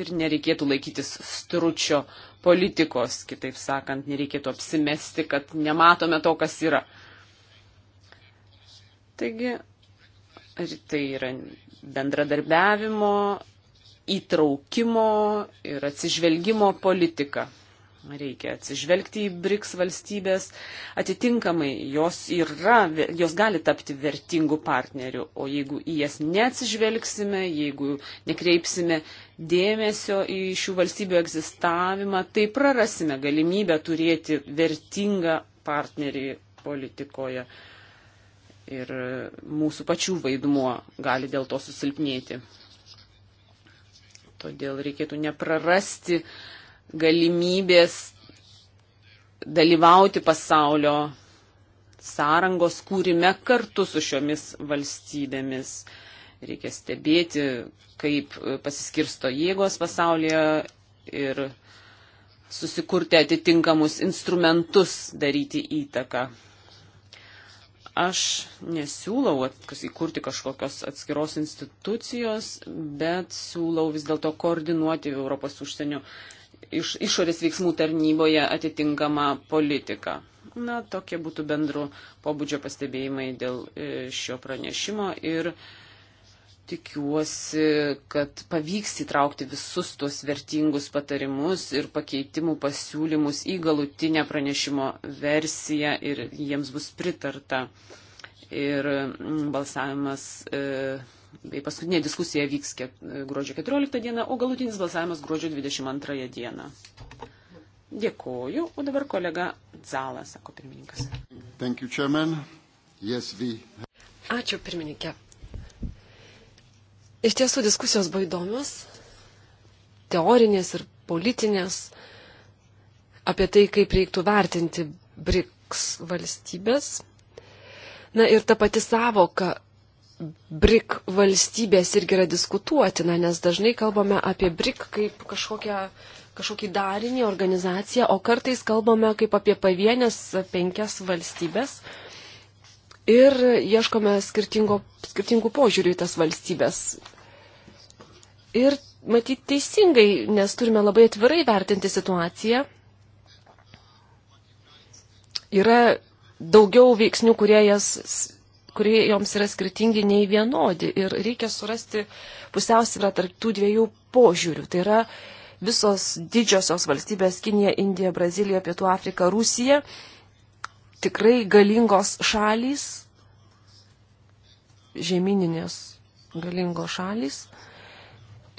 ir nereikėtų laikytis stručio politikos, kitaip sakant, nereikėtų apsimesti, kad nematome to, kas yra. Taigi, tai yra bendradarbiavimo, įtraukimo ir atsižvelgimo politika. Reikia atsižvelgti į BRICS valstybės. Atitinkamai jos, yra, jos gali tapti vertingų partnerių, o jeigu į jas neatsižvelgsime, jeigu nekreipsime dėmesio į šių valstybių egzistavimą, tai prarasime galimybę turėti vertingą partnerį politikoje. Ir mūsų pačių vaidmuo gali dėl to susilpnėti. Todėl reikėtų neprarasti uh, galimybės dalyvauti pasaulio sąrangos kūrime kartu su šiomis valstybėmis. Reikia stebėti, kaip pasiskirsto jėgos pasaulyje ir susikurti atitinkamus instrumentus daryti įtaką. Aš nesiūlau įkurti kažkokios atskiros institucijos, bet siūlau vis dėlto koordinuoti Europos užsienio iš, išorės veiksmų tarnyboje atitinkamą politiką. Na, tokie būtų bendro pobūdžio pastebėjimai dėl e, šio pranešimo ir tikiuosi, kad pavyks įtraukti visus tuos vertingus patarimus ir pakeitimų pasiūlymus į galutinę pranešimo versiją ir jiems bus pritarta. Ir balsavimas. E, bei paskutinė diskusija vyks ket, e, gruodžio 14 dieną, o galutinis balsavimas gruodžio 22 dieną. Dėkoju, o dabar kolega Zala, sako pirmininkas. Thank you, chairman. yes, we... Ačiū, pirmininkė. Iš tiesų diskusijos buvo įdomios, teorinės ir politinės, apie tai, kaip reiktų vertinti BRICS valstybės. Na ir ta pati savoka BRIC valstybės irgi yra diskutuotina, nes dažnai kalbame apie BRIC kaip kažkokią, kažkokį darinį, organizaciją, o kartais kalbame kaip apie pavienės penkias valstybės ir ieškome skirtingų požiūrių į tas valstybės. Ir matyti teisingai, nes turime labai atvirai vertinti situaciją. Yra daugiau veiksnių, kurie jas kurie joms yra skirtingi nei vienodi. Ir reikia surasti pusiausvyrą tarp tų dviejų požiūrių. Tai yra visos didžiosios valstybės - Kinija, Indija, Brazilija, Pietų Afrika, Rusija - tikrai galingos šalys, žemyninės galingos šalys.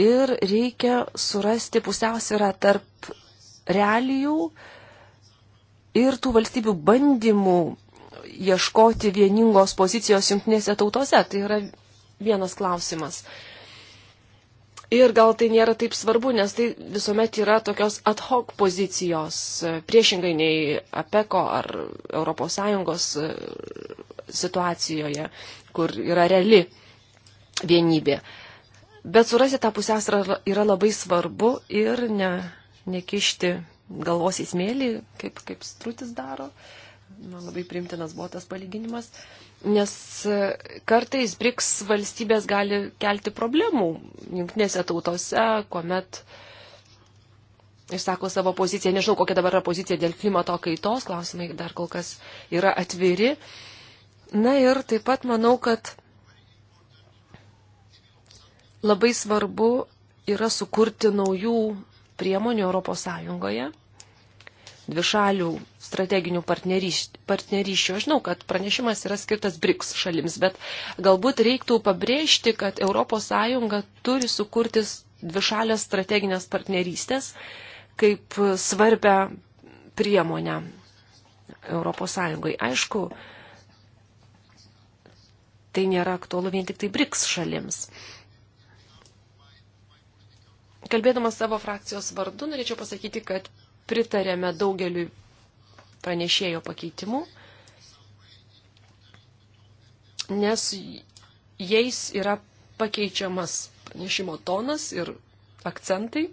Ir reikia surasti pusiausvyrą tarp realijų ir tų valstybių bandymų ieškoti vieningos pozicijos jungtinėse tautose. Tai yra vienas klausimas. Ir gal tai nėra taip svarbu, nes tai visuomet yra tokios ad hoc pozicijos, priešingai nei APECO ar ES e, situacijoje, kur yra reali vienybė. Bet surasti tą pusiausvyrą yra labai svarbu ir ne, nekišti galvos į smėlį, kaip, kaip strutis daro. Uh, man labai primtinas buvo tas palyginimas, nes e, kartais BRICS valstybės gali kelti problemų jungtinėse tautose, kuomet išsako savo poziciją, nežinau, kokia dabar yra pozicija dėl klimato kaitos, klausimai dar kol kas yra atviri. Na ir taip pat manau, kad labai svarbu yra sukurti naujų priemonių Europos Sąjungoje dvišalių strateginių partnerysčių. Aš žinau, kad pranešimas yra skirtas BRICS šalims, bet galbūt reiktų pabrėžti, kad ES turi sukurti dvišalės strateginės partnerystės kaip svarbę priemonę ES. Aišku, tai nėra aktualu vien tik tai BRICS šalims. Kalbėdamas savo frakcijos vardu, norėčiau pasakyti, kad pritarėme daugeliu pranešėjo pakeitimų, nes jais yra pakeičiamas pranešimo tonas ir akcentai.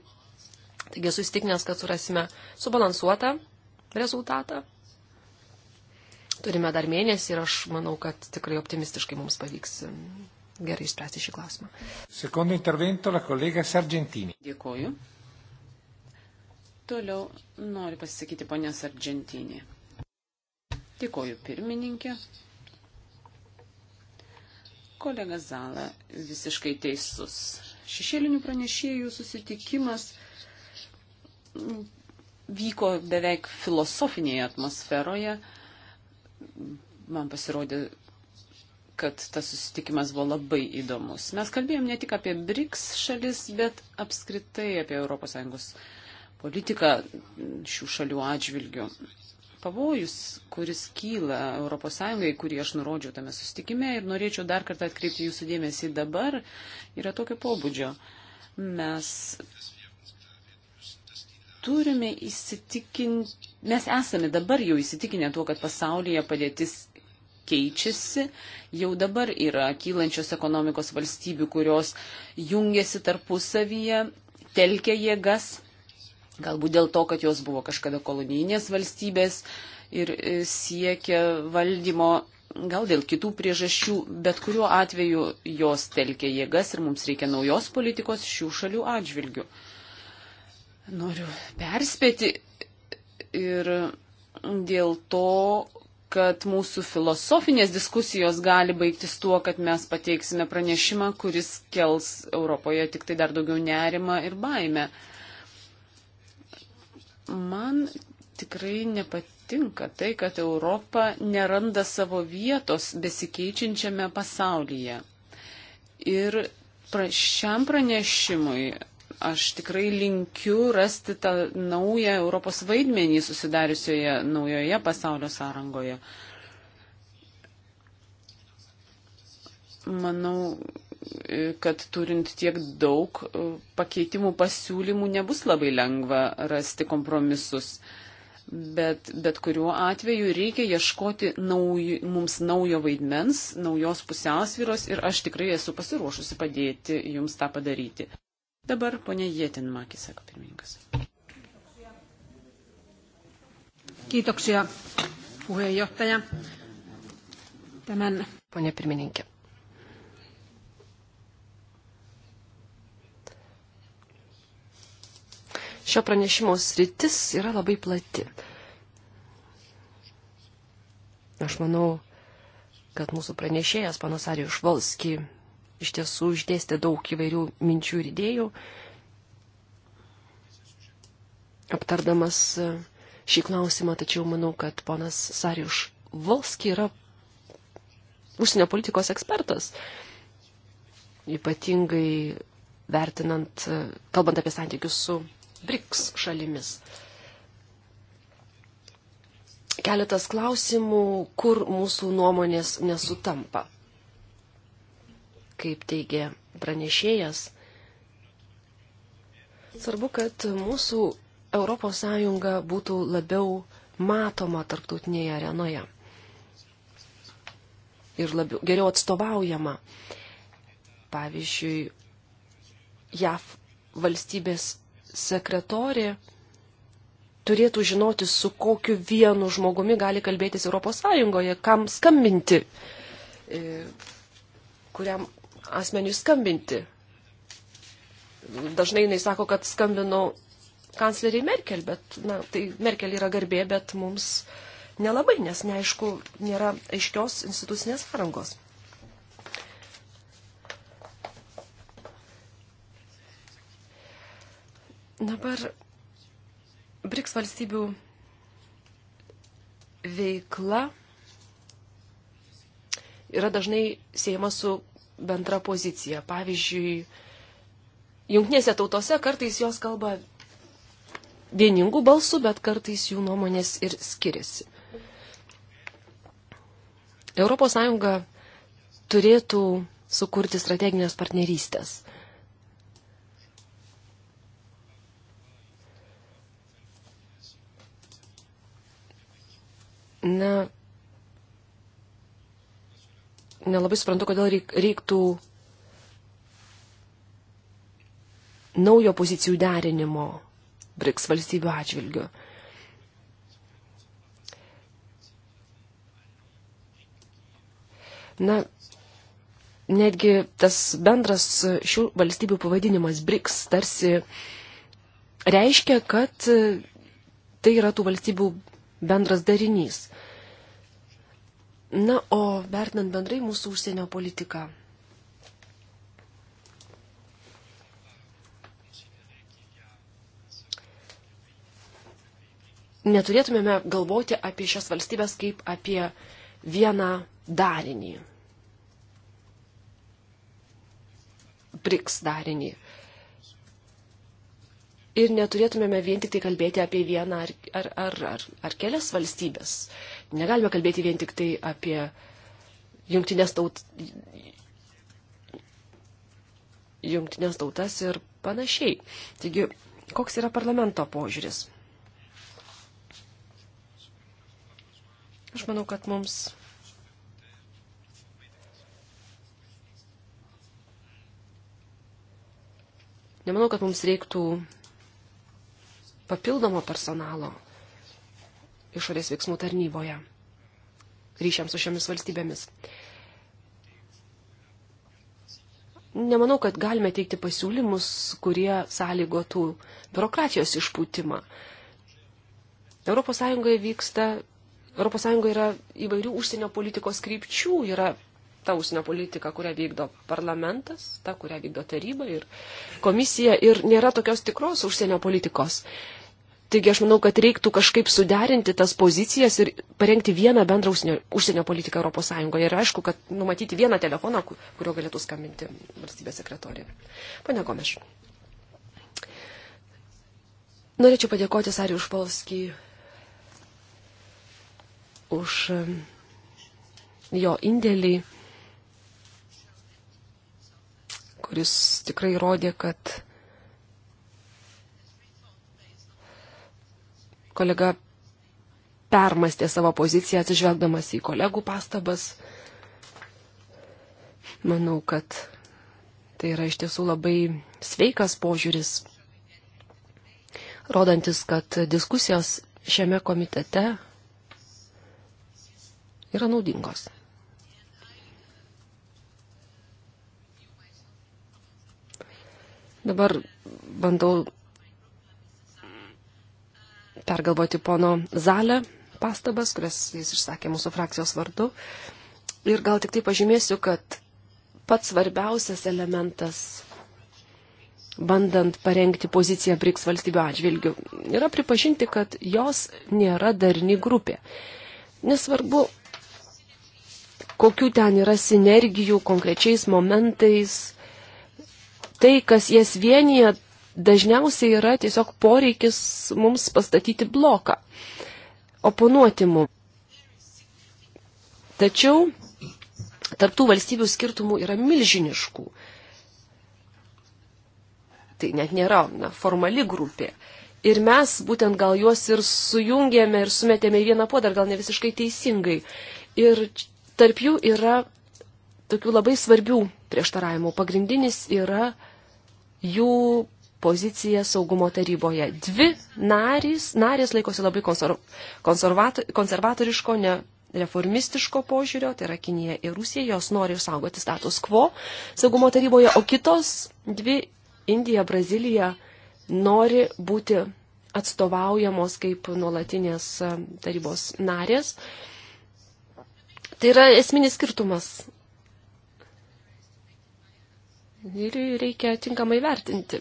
Taigi esu įstikinęs, kad surasime subalansuotą rezultatą. Turime dar mėnesį ir aš manau, kad tikrai optimistiškai mums pavyks gerai išspręsti šį klausimą. Dėkoju. Toliau noriu pasisakyti ponės Argentinį. Dėkoju pirmininkė. Kolega Zala visiškai teisus. Šešėlinių pranešėjų susitikimas vyko beveik filosofinėje atmosferoje. Man pasirodė kad tas susitikimas buvo labai įdomus. Mes kalbėjom ne tik apie BRICS šalis, bet apskritai apie ES politiką šių šalių atžvilgių. Pavojus, kuris kyla ES, kurį aš nurodžiau tame sustikime ir norėčiau dar kartą atkreipti jūsų dėmesį dabar, yra tokio pobūdžio. Mes turime įsitikinti, mes esame dabar jau įsitikinę tuo, kad pasaulyje padėtis keičiasi, jau dabar yra kylančios ekonomikos valstybių, kurios jungiasi tarpusavyje, telkia jėgas Galbūt dėl to, kad jos buvo kažkada kolonijinės valstybės ir e, siekia valdymo, gal dėl kitų priežasčių, bet kuriuo atveju jos telkia jėgas ir mums reikia naujos politikos šių šalių atžvilgių. Noriu perspėti ir dėl to, kad mūsų filosofinės diskusijos gali baigtis tuo, kad mes pateiksime pranešimą, kuris kels Europoje tik tai dar daugiau nerima ir baime. Man tikrai nepatinka tai, kad Europa neranda savo vietos besikeičiančiame pasaulyje. Ir pra, šiam pranešimui aš tikrai linkiu rasti tą naują Europos vaidmenį susidariusioje naujoje pasaulio sąrangoje. Manau, kad turint tiek daug e, pakeitimų pasiūlymų nebus labai lengva rasti kompromisus. Bet, bet kuriuo atveju reikia ieškoti nauj, mums naujo vaidmens, naujos pusiausvyros ir aš tikrai esu pasiruošusi padėti jums tą padaryti. Dabar ponė Jėtinmakė, sako pirmininkas. Kiitoksia puheenjohtaja. Tämän... Pone pirmininkė. šio pranešimo sritis yra labai plati. Aš manau, kad mūsų pranešėjas, panas Arijus Švalski, iš tiesų išdėstė daug įvairių minčių ir idėjų, aptardamas šį klausimą, tačiau manau, kad ponas Sariuš Volski yra užsienio politikos ekspertas, ypatingai vertinant, kalbant apie santykius su BRICS šalimis. Keletas klausimų, kur mūsų nuomonės nesutampa. Kaip teigia pranešėjas, svarbu, kad mūsų ES būtų labiau matoma tarptautinėje arenoje ir labiau, geriau atstovaujama. Pavyzdžiui, JAV valstybės sekretorė turėtų žinoti, su kokiu vienu žmogumi gali kalbėtis ES, kam skambinti, e, kuriam asmeniui skambinti. Dažnai jinai sako, kad skambinau kancleriai Merkel, bet, na, tai Merkel yra garbė, bet mums nelabai, nes neaišku, nėra aiškios institucinės sąrangos. Dabar BRICS valstybių veikla yra dažnai siejama su bendra pozicija. Pavyzdžiui, jungtinėse tautose kartais jos kalba vieningų balsų, bet kartais jų nuomonės ir skiriasi. ES turėtų sukurti strateginės partnerystės. Na, nelabai suprantu, kodėl reiktų naujo pozicijų derinimo BRICS valstybių atžvilgių. Na, netgi tas bendras šių valstybių pavadinimas BRICS tarsi reiškia, kad tai yra tų valstybių bendras darinys. Na, o vertinant bendrai mūsų užsienio politiką. Neturėtumėme galvoti apie šias valstybės kaip apie vieną darinį. BRICS darinį ir neturėtumėme vien tik tai kalbėti apie vieną ar, ar, ar, ar, ar kelias valstybės. Negalime kalbėti vien tik tai apie jungtinės, taut, jungtinės tautas ir panašiai. Taigi, koks yra parlamento požiūris? Aš manau, kad mums. Nemanau, kad mums reiktų papildomo personalo išorės veiksmų tarnyboje ryšiams su šiomis valstybėmis. Nemanau, kad galime teikti pasiūlymus, kurie sąlygotų biurokratijos išpūtimą. ES vyksta, ES yra įvairių užsienio politikos krypčių, yra ta užsienio politika, kurią vykdo parlamentas, ta, kurią vykdo taryba ir komisija ir nėra tokios tikros užsienio politikos. Taigi aš manau, kad reiktų kažkaip suderinti tas pozicijas ir parengti vieną bendrą užsienio, užsienio politiką ES. Ir aišku, kad numatyti vieną telefoną, kurio galėtų skambinti valstybės sekretorė. Pane Gomeš. Norėčiau padėkoti Sariu Užpolskį už um, jo indėlį kuris tikrai rodė, kad kolega permastė savo poziciją atsižvelgdamas į kolegų pastabas. Manau, kad tai yra iš tiesų labai sveikas požiūris, rodantis, kad diskusijos šiame komitete yra naudingos. Dabar bandau pergalvoti pono Zalę pastabas, kurias jis išsakė mūsų frakcijos vardu. Ir gal tik tai pažymėsiu, kad pats svarbiausias elementas, bandant parengti poziciją BRICS valstybių atžvilgių, yra pripažinti, kad jos nėra darni grupė. Nesvarbu, kokių ten yra sinergijų konkrečiais momentais, tai, kas jas vienyje, dažniausiai yra tiesiog poreikis mums pastatyti bloką, oponuoti mums. Tačiau tarptų valstybių skirtumų yra milžiniškų. Tai net nėra na, formali grupė. Ir mes būtent gal juos ir sujungėme ir sumetėme į vieną podą, gal ne visiškai teisingai. Ir tarp jų yra tokių labai svarbių prieštaravimų. Pagrindinis yra jų poziciją saugumo taryboje. Dvi narys, narys laikosi labai konservato, konservatoriško, ne reformistiško požiūrio, tai yra Kinija ir Rusija, jos nori išsaugoti status quo saugumo taryboje, o kitos dvi, Indija, Brazilija, nori būti atstovaujamos kaip nuolatinės e, tarybos narės. Tai yra esminis skirtumas ir reikia tinkamai vertinti.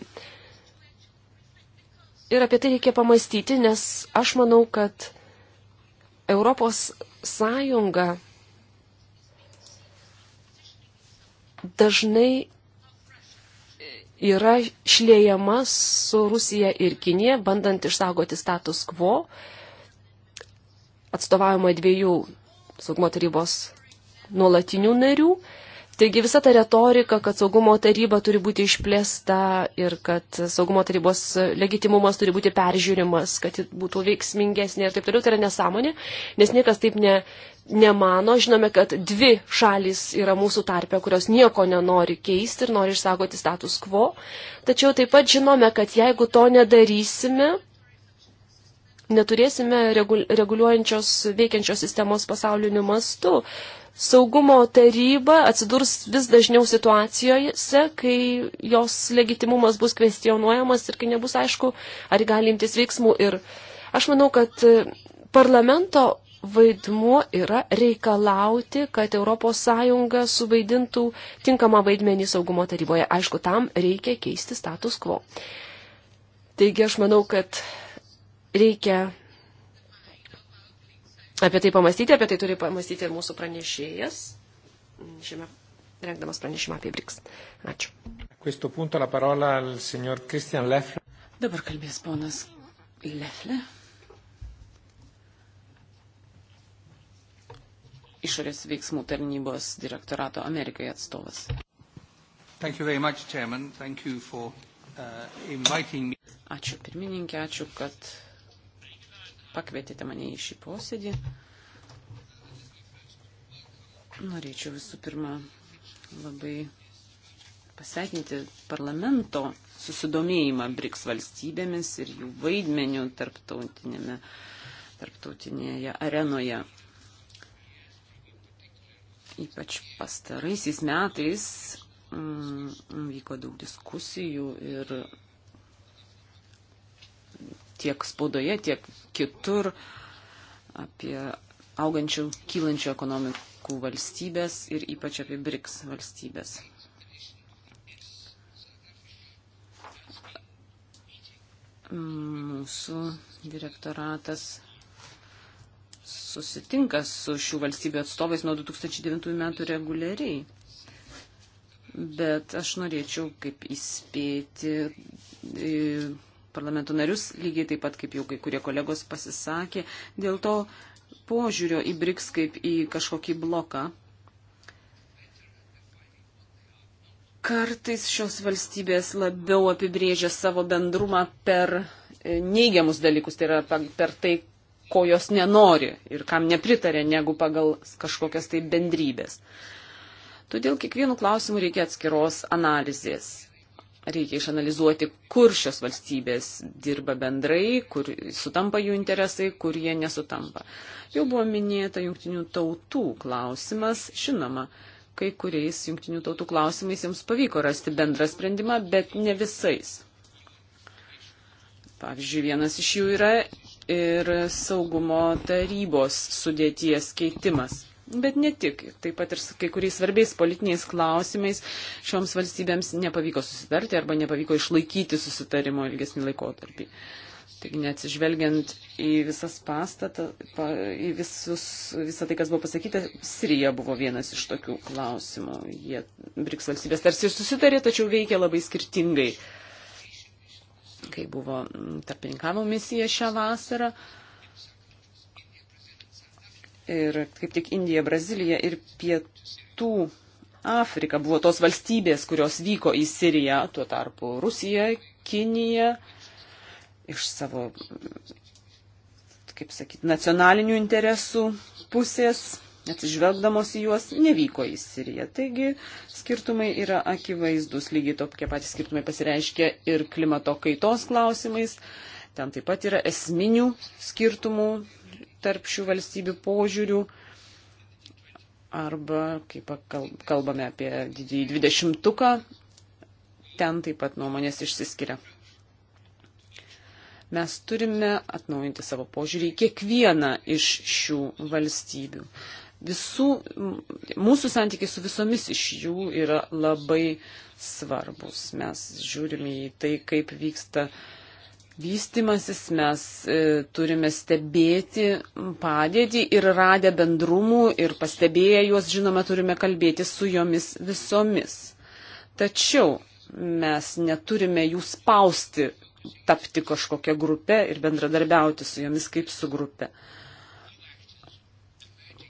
Ir apie tai reikia pamastyti, nes aš manau, kad Europos Sąjunga dažnai yra šlėjama su Rusija ir Kinė, bandant išsaugoti status quo, atstovaujama dviejų saugumo tarybos nuolatinių narių. Taigi visa ta retorika, kad saugumo taryba turi būti išplėsta ir kad saugumo tarybos legitimumas turi būti peržiūrimas, kad būtų veiksmingesnė ir taip toliau, tai yra nesąmonė, nes niekas taip ne, nemano. Žinome, kad dvi šalis yra mūsų tarpe, kurios nieko nenori keisti ir nori išsaugoti status quo. Tačiau taip pat žinome, kad jeigu to nedarysime, neturėsime reguliuojančios veikiančios sistemos pasauliniu mastu saugumo taryba atsidurs vis dažniau situacijose, kai jos legitimumas bus kvestionuojamas ir kai nebus aišku, ar gali imtis veiksmų. Ir aš manau, kad parlamento vaidmuo yra reikalauti, kad ES suvaidintų tinkamą vaidmenį saugumo taryboje. Aišku, tam reikia keisti status quo. Taigi aš manau, kad reikia apie tai pamastyti, apie tai turi pamastyti ir mūsų pranešėjas, šiame rengdamas pranešimą apie BRICS. Ačiū. Dabar kalbės ponas Lefle. Išorės veiksmų tarnybos direktorato Amerikoje atstovas. Much, for, uh, Ačiū pirmininkė, ačiū, kad pakvietėte mane į šį posėdį. Norėčiau visų pirma labai pasveikinti parlamento susidomėjimą BRICS valstybėmis ir jų vaidmenių tarptautinėme, tarptautinėje arenoje. Ypač pastaraisiais metais mm, vyko daug diskusijų ir tiek spaudoje, tiek kitur apie augančių, kylančių ekonomikų valstybės ir ypač apie BRICS valstybės. Mūsų direktoratas susitinka su šių valstybių atstovais nuo 2009 metų reguliariai. Bet aš norėčiau kaip įspėti parlamento narius, lygiai taip pat kaip jau kai kurie kolegos pasisakė, dėl to požiūrio į BRICS kaip į kažkokį bloką. Kartais šios valstybės labiau apibrėžia savo bendrumą per e, neigiamus dalykus, tai yra per tai, ko jos nenori ir kam nepritarė, negu pagal kažkokias tai bendrybės. Todėl kiekvienų klausimų reikia atskiros analizės reikia išanalizuoti, kur šios valstybės dirba bendrai, kur sutampa jų interesai, kur jie nesutampa. Jau buvo minėta jungtinių tautų klausimas, žinoma, kai kuriais jungtinių tautų klausimais jiems pavyko rasti bendrą sprendimą, bet ne visais. Pavyzdžiui, vienas iš jų yra ir saugumo tarybos sudėties keitimas bet ne tik. Taip pat ir kai kuriais svarbiais politiniais klausimais šioms valstybėms nepavyko susitarti arba nepavyko išlaikyti susitarimo ilgesnį laikotarpį. Taigi neatsižvelgiant į visas pastatą, pa, į visus, visą tai, kas buvo pasakyta, Sirija buvo vienas iš tokių klausimų. Jie, Briks valstybės tarsi ir susitarė, tačiau veikia labai skirtingai. Kai buvo mm, tarpininkavo misija šią vasarą, uh, Ir kaip tik Indija, Brazilija ir Pietų Afrika buvo tos valstybės, kurios vyko į Siriją, tuo tarpu Rusija, Kinija iš savo, kaip sakyti, nacionalinių interesų pusės, atsižvelgdamos į juos, nevyko į Siriją. Taigi skirtumai yra akivaizdus, lygiai tokie patys skirtumai pasireiškia ir klimato kaitos klausimais. Ten taip pat yra esminių skirtumų tarp šių valstybių požiūrių. Arba, kaip kalbame apie didįjį dvidešimtuką, ten taip pat nuomonės išsiskiria. Mes turime atnaujinti savo požiūrį į kiekvieną iš šių valstybių visų, mūsų santykiai su visomis iš jų yra labai svarbus. Mes žiūrime į tai, kaip vyksta vystimasis, mes e, turime stebėti padėtį ir radę bendrumų ir pastebėję juos, žinoma, turime kalbėti su jomis visomis. Tačiau mes neturime jų spausti tapti kažkokią grupę ir bendradarbiauti su jomis kaip su grupė.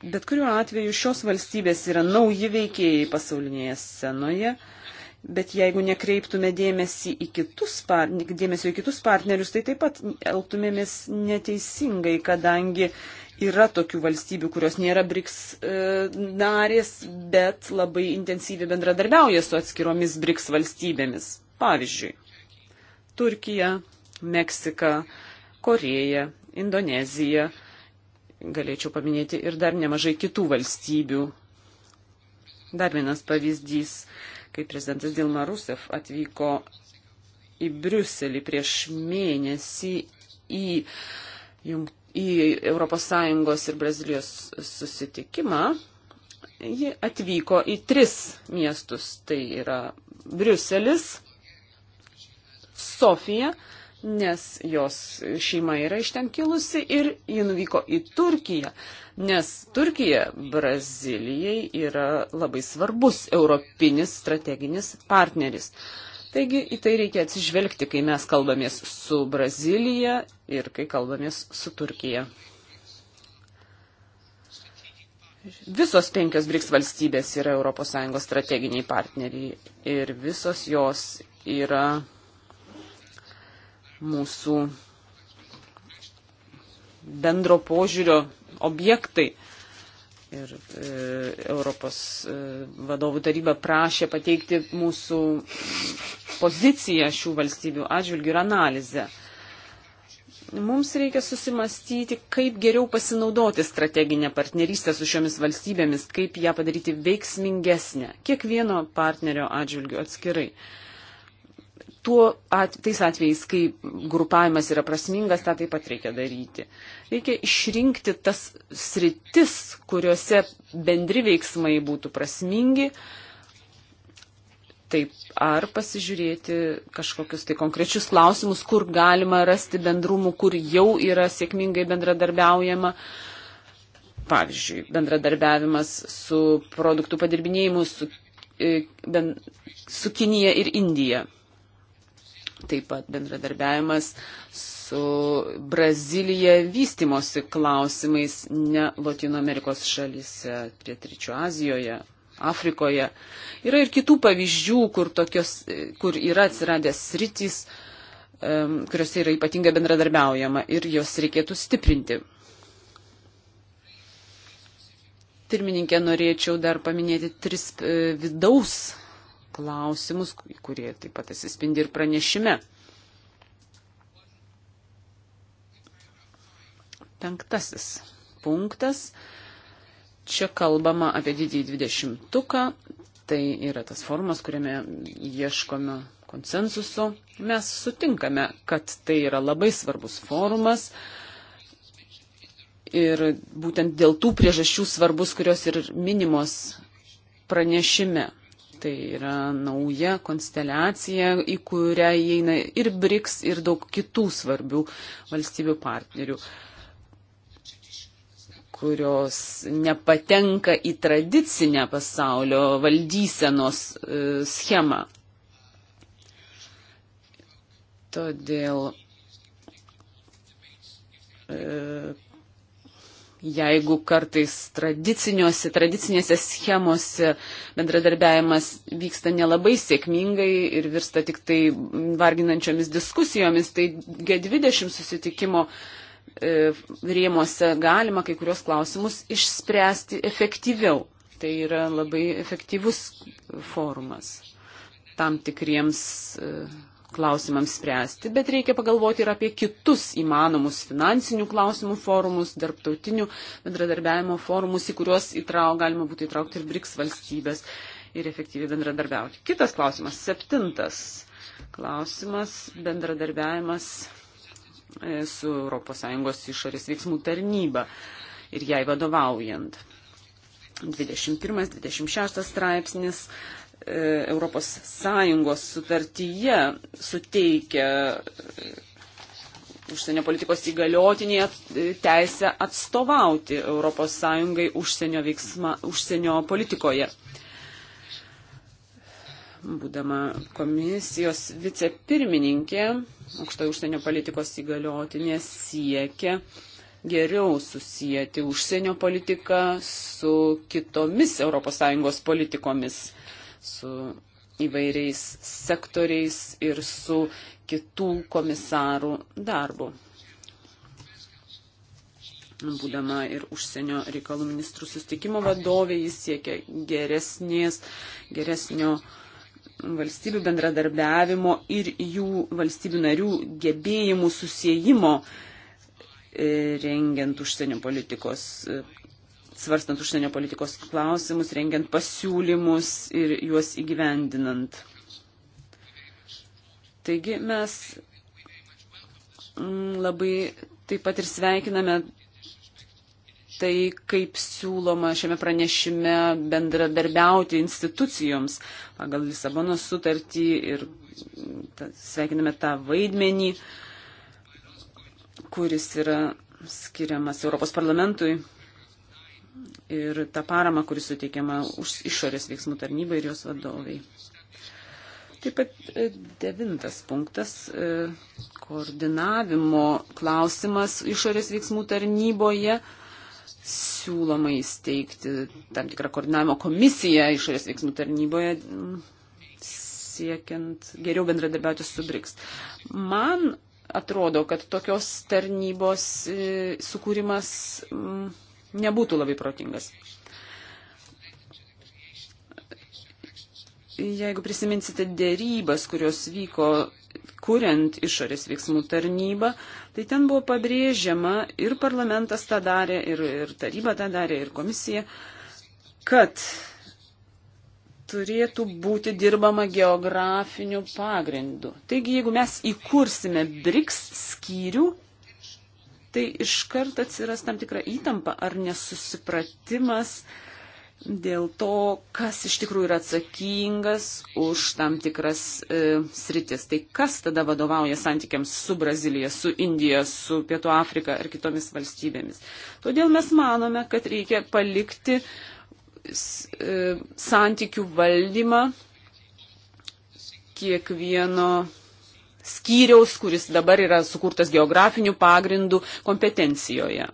Bet kuriuo atveju šios valstybės yra nauji veikėjai pasaulinėje scenoje Bet jeigu nekreiptume dėmesį į kitus, par... dėmesio į kitus partnerius, tai taip pat elgtumėmės neteisingai, kadangi yra tokių valstybių, kurios nėra BRICS e, narės, bet labai intensyviai bendradarbiauja su atskiromis BRICS valstybėmis. Pavyzdžiui, Turkija, Meksika, Koreja, Indonezija. Galėčiau paminėti ir dar nemažai kitų valstybių. Dar vienas pavyzdys kai prezidentas Dilma Rusev atvyko į Briuselį prieš mėnesį į, jung, į ES ir Brazilijos susitikimą, ji atvyko į tris miestus. Tai yra Briuselis, Sofija nes jos šeima yra iš ten kilusi ir ji nuvyko į Turkiją, nes Turkija Brazilijai yra labai svarbus europinis strateginis partneris. Taigi į tai reikia atsižvelgti, kai mes kalbamės su Brazilija ir kai kalbamės su Turkija. Visos penkios BRICS valstybės yra ES strateginiai partneriai ir visos jos yra mūsų bendro požiūrio objektai. Ir e, Europos e, vadovų taryba prašė pateikti mūsų poziciją šių valstybių atžvilgių ir analizę. Mums reikia susimastyti, kaip geriau pasinaudoti strateginę partnerystę su šiomis valstybėmis, kaip ją padaryti veiksmingesnę, kiekvieno partnerio atžvilgių atskirai. E, tuo at, tais atvejais, kai grupavimas yra prasmingas, tą taip pat reikia daryti. Reikia išrinkti tas sritis, kuriuose bendri veiksmai būtų prasmingi. Taip, ar pasižiūrėti kažkokius tai konkrečius klausimus, kur galima rasti bendrumų, kur jau yra sėkmingai bendradarbiaujama. Pavyzdžiui, bendradarbiavimas su produktų padirbinėjimu, su, e, ben, su Kinija ir Indija Taip pat bendradarbiavimas su Brazilija vystimosi klausimais ne Latino Amerikos šalyse, Pietričio Azijoje, Afrikoje. Yra ir kitų pavyzdžių, kur, tokios, kur yra atsiradęs sritys, kuriuose yra ypatingai bendradarbiaujama ir jos reikėtų stiprinti. Pirmininkė, norėčiau dar paminėti tris e, vidaus klausimus, kurie taip pat atsispindi ir pranešime. Penktasis punktas. Čia kalbama apie didįjį dvidešimtuką. Tai yra tas formas, kuriame ieškome konsensuso. Mes sutinkame, kad tai yra labai svarbus forumas. Ir būtent dėl tų priežasčių svarbus, kurios ir minimos pranešime. Tai yra nauja konsteliacija, į kurią įeina ir BRICS, ir daug kitų svarbių valstybių partnerių kurios nepatenka į tradicinę pasaulio valdysenos e, schemą. Todėl e, jeigu kartais tradicinėse schemose bendradarbiavimas vyksta nelabai sėkmingai ir virsta tik tai varginančiomis diskusijomis, tai G20 susitikimo e, rėmose galima kai kurios klausimus išspręsti efektyviau. Tai yra labai efektyvus forumas tam tikriems e, klausimams spręsti, bet reikia pagalvoti ir apie kitus įmanomus finansinių klausimų forumus, darbtautinių bendradarbiavimo forumus, į kuriuos įtrau, galima būtų įtraukti ir BRICS valstybės ir efektyviai bendradarbiauti. Kitas klausimas, septintas klausimas, bendradarbiavimas e, su ES išorės veiksmų tarnyba ir jai vadovaujant. 21-26 straipsnis ES sutartyje suteikia e, užsienio politikos įgaliotinėje teisę atstovauti ES užsienio, veiksma, užsienio politikoje. Būdama komisijos vicepirmininkė, aukštoji užsienio politikos įgaliotinė siekia geriau susijęti užsienio politiką su kitomis ES politikomis su įvairiais sektoriais ir su kitų komisarų darbu. Būdama ir užsienio reikalų ministrų sustikimo vadovė, jis siekia geresnės, geresnio valstybių bendradarbiavimo ir jų valstybių narių gebėjimų susijimo e, rengiant užsienio politikos e, svarstant užsienio politikos klausimus, rengiant pasiūlymus ir juos įgyvendinant. Taigi mes mm, labai taip pat ir sveikiname tai, kaip siūloma šiame pranešime bendradarbiauti institucijoms pagal Lisabono sutartį ir ta, sveikiname tą vaidmenį, kuris yra skiriamas Europos parlamentui ir tą paramą, kuris suteikiama už išorės veiksmų tarnybai ir jos vadoviai. Taip pat e, devintas punktas e, - koordinavimo klausimas išorės veiksmų tarnyboje. Siūloma įsteigti tam tikrą koordinavimo komisiją išorės veiksmų tarnyboje mm, siekiant geriau bendradarbiauti su BRICS. Man atrodo, kad tokios tarnybos e, sukūrimas mm, nebūtų labai protingas. Jeigu prisiminsite dėrybas, kurios vyko kuriant išorės veiksmų tarnybą, tai ten buvo pabrėžiama ir parlamentas tą darė, ir, ir taryba tą darė, ir komisija, kad turėtų būti dirbama geografiniu pagrindu. Taigi, jeigu mes įkursime BRICS skyrių, tai iškart atsiras tam tikra įtampa ar nesusipratimas dėl to, kas iš tikrųjų yra atsakingas už tam tikras e, sritis. Tai kas tada vadovauja santykiams su Brazilija, su Indija, su Pietų Afrika ar kitomis valstybėmis. Todėl mes manome, kad reikia palikti e, santykių valdymą kiekvieno skyriaus, kuris dabar yra sukurtas geografinių pagrindų kompetencijoje.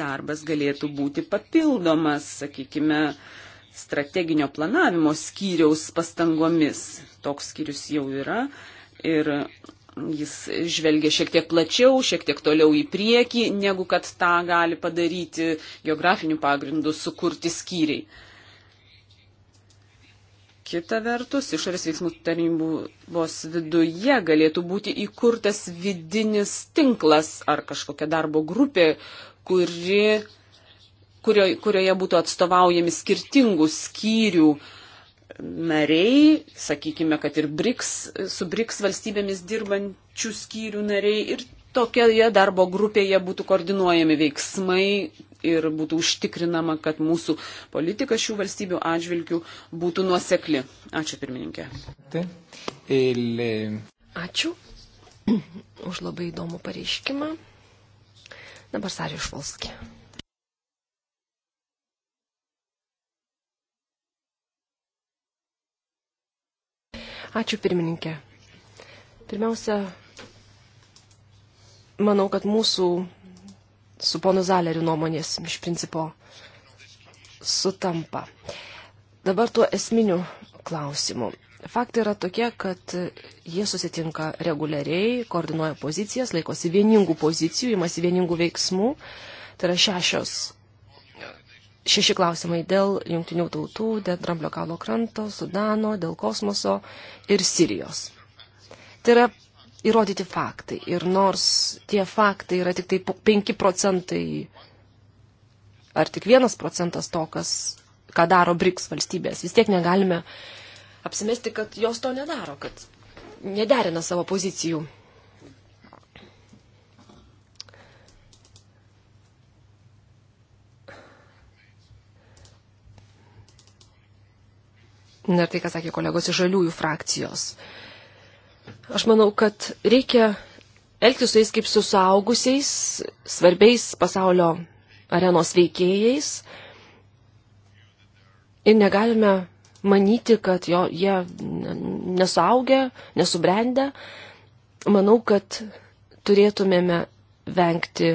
Darbas galėtų būti papildomas, sakykime, strateginio planavimo skyriaus pastangomis. Toks skyrius jau yra ir jis žvelgia šiek tiek plačiau, šiek tiek toliau į priekį, negu kad tą gali padaryti geografinių pagrindų sukurti skyriai. Kita vertus, išorės veiksmų tarnybos viduje galėtų būti įkurtas vidinis tinklas ar kažkokia darbo grupė, kuri, kurio, kurioje būtų atstovaujami skirtingų skyrių nariai, sakykime, kad ir BRICS, su BRICS valstybėmis dirbančių skyrių nariai ir tokioje darbo grupėje būtų koordinuojami veiksmai ir būtų užtikrinama, kad mūsų politika šių valstybių atžvilgių būtų nuosekli. Ačiū pirmininkė. E, Ačiū už labai įdomų pareiškimą. Dabar Sarė Švalskė. Ačiū pirmininkė. Pirmiausia, manau, kad mūsų su ponu Zaleriu nuomonės iš principo sutampa. Dabar tuo esminiu klausimu. Faktai yra tokie, kad jie susitinka reguliariai, koordinuoja pozicijas, laikosi vieningų pozicijų, imasi vieningų veiksmų. Tai yra šešios, šeši klausimai dėl jungtinių tautų, dėl Dramblio kalo kranto, Sudano, dėl kosmoso ir Sirijos. Tai yra įrodyti faktai. Ir nors tie faktai yra tik tai 5 procentai ar tik 1 procentas to, kas, ką daro BRICS valstybės, vis tiek negalime apsimesti, kad jos to nedaro, kad nederina savo pozicijų. Na ir tai, ką sakė kolegos iš žaliųjų frakcijos. Uh, Aš manau, kad reikia elgtis su jais kaip su suaugusiais, svarbiais pasaulio arenos veikėjais. Ir negalime manyti, kad jo, jie nesuaugę, nesubrendę. Manau, kad turėtumėme vengti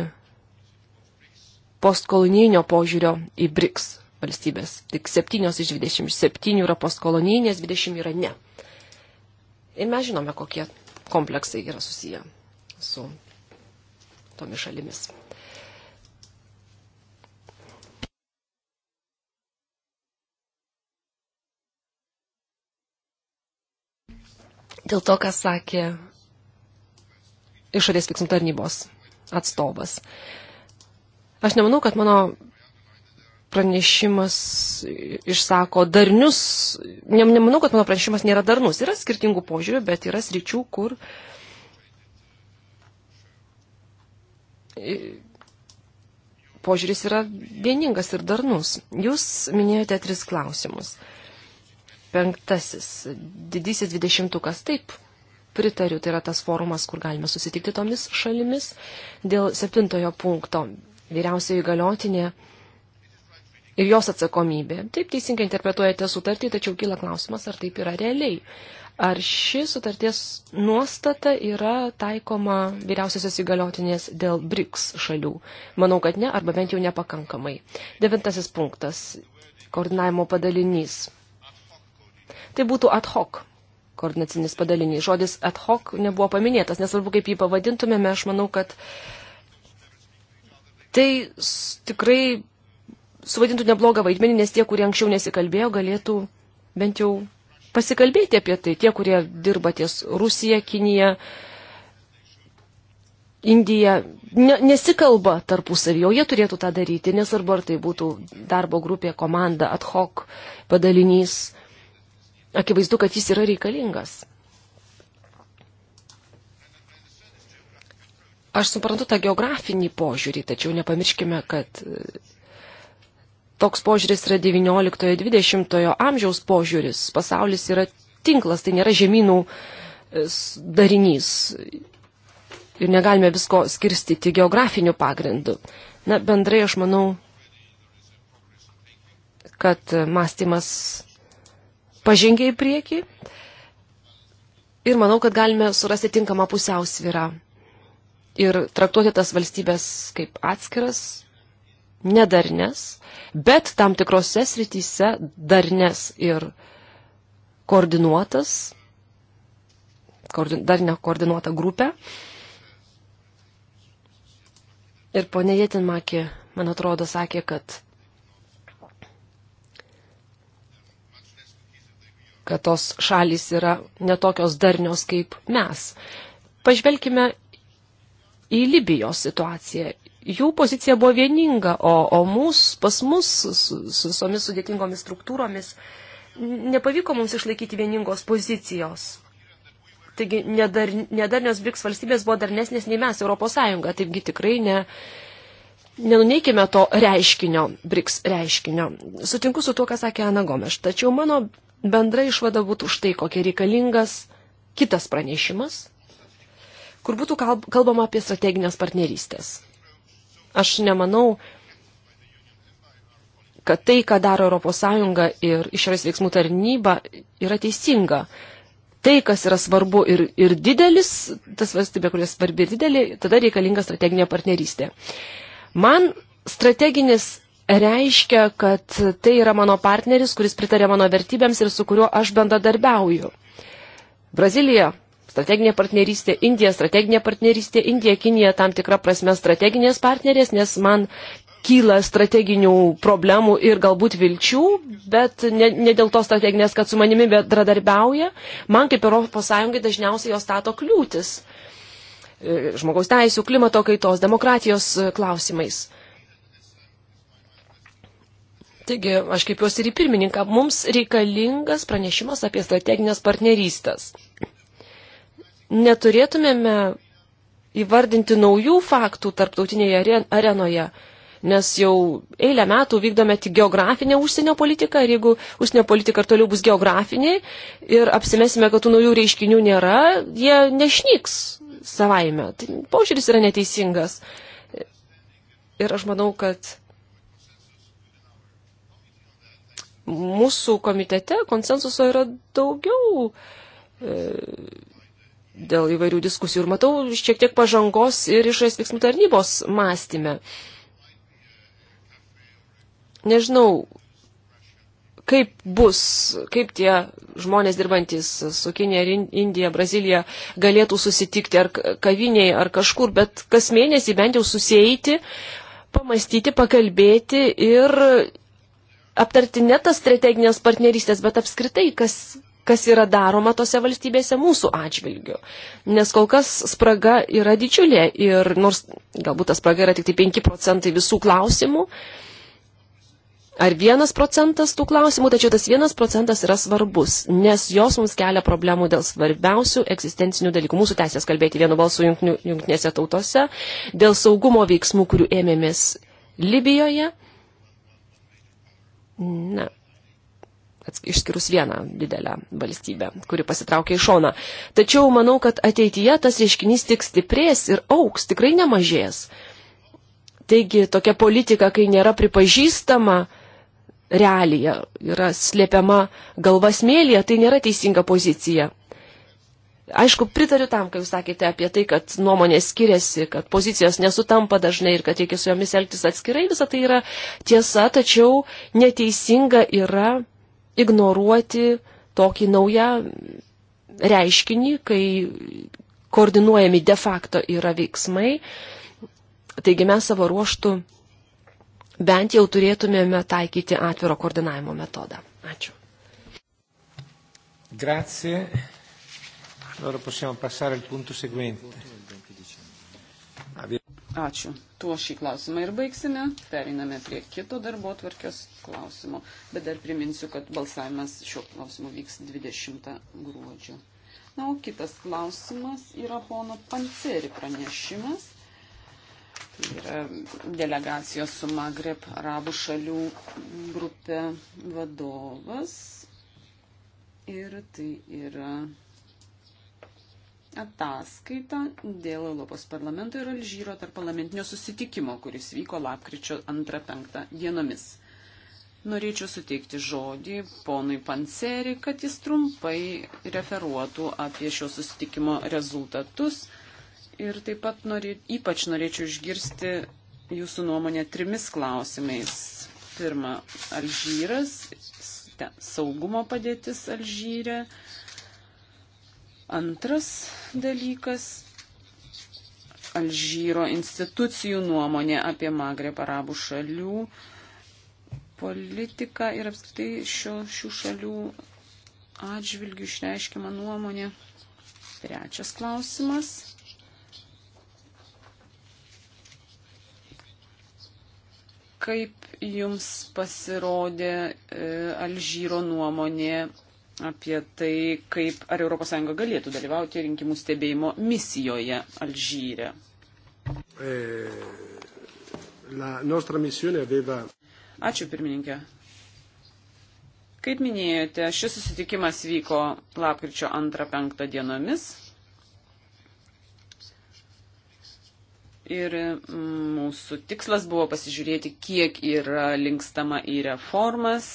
postkolonijinio požiūrio į BRICS valstybės. Tik 7 iš 27 yra postkolonijinės, 20 yra ne. Ir mes žinome, kokie kompleksai yra susiję su tomis šalimis. Dėl to, ką sakė išorės veiksmų tarnybos atstovas. Aš nemanau, kad mano pranešimas išsako darnius, nemanau, kad mano pranešimas nėra darnus, yra skirtingų požiūrių, bet yra sričių, kur požiūris yra vieningas ir darnus. Jūs minėjote tris klausimus. Penktasis, didysis dvidešimtukas, taip, pritariu, tai yra tas forumas, kur galime susitikti tomis šalimis. Dėl septintojo punkto, vyriausioji galiotinė, ne ir jos atsakomybė. Taip teisingai interpretuojate sutartį, tačiau kyla klausimas, ar taip yra realiai. Ar ši sutarties nuostata yra taikoma vyriausiasios įgaliotinės dėl BRICS šalių? Manau, kad ne, arba bent jau nepakankamai. Devintasis punktas - koordinavimo padalinys. Tai būtų ad hoc koordinacinis padalinys. Žodis ad hoc nebuvo paminėtas, nesvarbu, kaip jį pavadintumėme, aš manau, kad tai tikrai suvaidintų neblogą vaidmenį, nes tie, kurie anksčiau nesikalbėjo, galėtų bent jau pasikalbėti apie tai. Tie, kurie dirba ties Rusija, Kinija, Indija, ne, nesikalba tarpusavyje, jie turėtų tą daryti, nesvarbu ar tai būtų darbo grupė, komanda, ad hoc, padalinys. Akivaizdu, kad jis yra reikalingas. Aš suprantu tą geografinį požiūrį, tačiau nepamirškime, kad Toks požiūris yra 19-20 amžiaus požiūris. Pasaulis yra tinklas, tai nėra žemynų e, darinys. Ir negalime visko skirstyti geografiniu pagrindu. Na, bendrai aš manau, kad mąstymas pažengė į priekį ir manau, kad galime surasti tinkamą pusiausvyrą ir traktuoti tas valstybės kaip atskiras nedarnes, bet tam tikrose srityse darnes ir koordinuotas, dar nekoordinuotą grupę. Ir ponė Jėtinmakė, man atrodo, sakė, kad kad tos šalys yra netokios darnios kaip mes. Pažvelkime į Libijos situaciją jų pozicija buvo vieninga, o, o mūs, pas mus su visomis su, sudėtingomis struktūromis nepavyko mums išlaikyti vieningos pozicijos. Taigi nedar, nedarnios BRICS valstybės buvo darnesnės nei mes, Europos Sąjunga, taipgi tikrai ne, nenuneikime to reiškinio, BRICS reiškinio. Sutinku su tuo, ką sakė Ana Gomeš, tačiau mano bendra išvada būtų štai, kokia reikalingas kitas pranešimas, kur būtų kalbama apie strateginės partnerystės Aš nemanau, kad tai, ką daro ES ir išorės veiksmų tarnyba, yra teisinga. Tai, kas yra svarbu ir, ir didelis, tas valstybė, kuris svarbi ir didelį, tada reikalinga strateginė partnerystė. Man strateginis reiškia, kad tai yra mano partneris, kuris pritarė mano vertybėms ir su kuriuo aš bendradarbiauju. Brazilija strateginė partnerystė, Indija strateginė partnerystė, Indija, Kinija tam tikra prasme strateginės partnerės, nes man kyla strateginių problemų ir galbūt vilčių, bet ne, ne dėl to strateginės, kad su manimi bendradarbiauja, man kaip Europos Sąjungai dažniausiai jos stato kliūtis e, žmogaus teisų, klimato kaitos, demokratijos e, klausimais. Taigi, aš kaip juos ir į pirmininką, mums reikalingas pranešimas apie strateginės partnerystės neturėtumėme įvardinti naujų faktų tarptautinėje arenoje, nes jau eilę metų vykdome tik geografinę užsienio politiką ir jeigu užsienio politika ir toliau bus geografinė ir apsimesime, kad tų naujų reiškinių nėra, jie nešnyks savaime. Tai požiūris yra neteisingas. Ir aš manau, kad mūsų komitete konsensuso yra daugiau. E, dėl įvairių diskusijų ir matau šiek tiek pažangos ir išorės veiksmų tarnybos mąstymę. Nežinau, kaip bus, kaip tie žmonės dirbantis su Kinė ir Indija, Brazilija galėtų susitikti ar kaviniai, ar kažkur, bet kas mėnesį bent jau susieiti, pamastyti, pakalbėti ir aptarti ne tas strateginės partnerystės, bet apskritai, kas kas yra daroma tose valstybėse mūsų atžvilgiu. Nes kol kas spraga yra didžiulė ir nors galbūt ta spraga yra tik tai 5 procentai visų klausimų, ar 1 procentas tų klausimų, tačiau tas 1 procentas yra svarbus, nes jos mums kelia problemų dėl svarbiausių egzistencinių dalykų. Mūsų teisės kalbėti vienu balsu jungtinėse tautose, dėl saugumo veiksmų, kurių ėmėmės Libijoje. Na, išskyrus vieną didelę valstybę, kuri pasitraukė į šoną. Tačiau manau, kad ateityje tas reiškinys tik stiprės ir auks, tikrai nemažės. Taigi tokia politika, kai nėra pripažįstama realija, yra slėpiama galva smėlyje, tai nėra teisinga pozicija. Aišku, pritariu tam, kai jūs sakėte apie tai, kad nuomonės skiriasi, kad pozicijos nesutampa dažnai ir kad reikia su jomis elgtis atskirai, visa tai yra tiesa, tačiau neteisinga yra ignoruoti tokį naują reiškinį, kai koordinuojami de facto yra veiksmai. Taigi mes savo ruoštų bent jau turėtumėme taikyti atviro koordinavimo metodą. Ačiū. Grazie. Allora possiamo passare al punto seguente. Ačiū. Tuo šį klausimą ir baigsime. Pereiname prie kito darbo tvarkės klausimo. Bet dar priminsiu, kad balsavimas šiuo klausimu vyks 20 gruodžio. Na, o kitas klausimas yra pono Panceri pranešimas. Tai yra delegacijos su Magreb arabų šalių grupė vadovas. Ir tai yra ataskaitą dėl Europos parlamento ir Alžyro tarp parlamentinio susitikimo, kuris vyko lapkričio 2-5 dienomis. Norėčiau suteikti žodį ponui Panseri, kad jis trumpai referuotų apie šio susitikimo rezultatus ir taip pat norė, ypač norėčiau išgirsti jūsų nuomonę trimis klausimais. Pirma, Alžyras, saugumo padėtis Alžyre. Antras dalykas - Alžyro institucijų nuomonė apie Magreb arabų šalių politiką ir apskritai šio, šių šalių atžvilgių išreiškiama nuomonė. Trečias klausimas. Kaip jums pasirodė e, Alžyro nuomonė apie tai, kaip ar ES galėtų dalyvauti rinkimų stebėjimo misijoje Alžyre. E, Ačiū pirmininkė. Kaip minėjote, šis susitikimas vyko lapkričio 2-5 dienomis. Ir mm, mūsų tikslas buvo pasižiūrėti, kiek yra linkstama į reformas,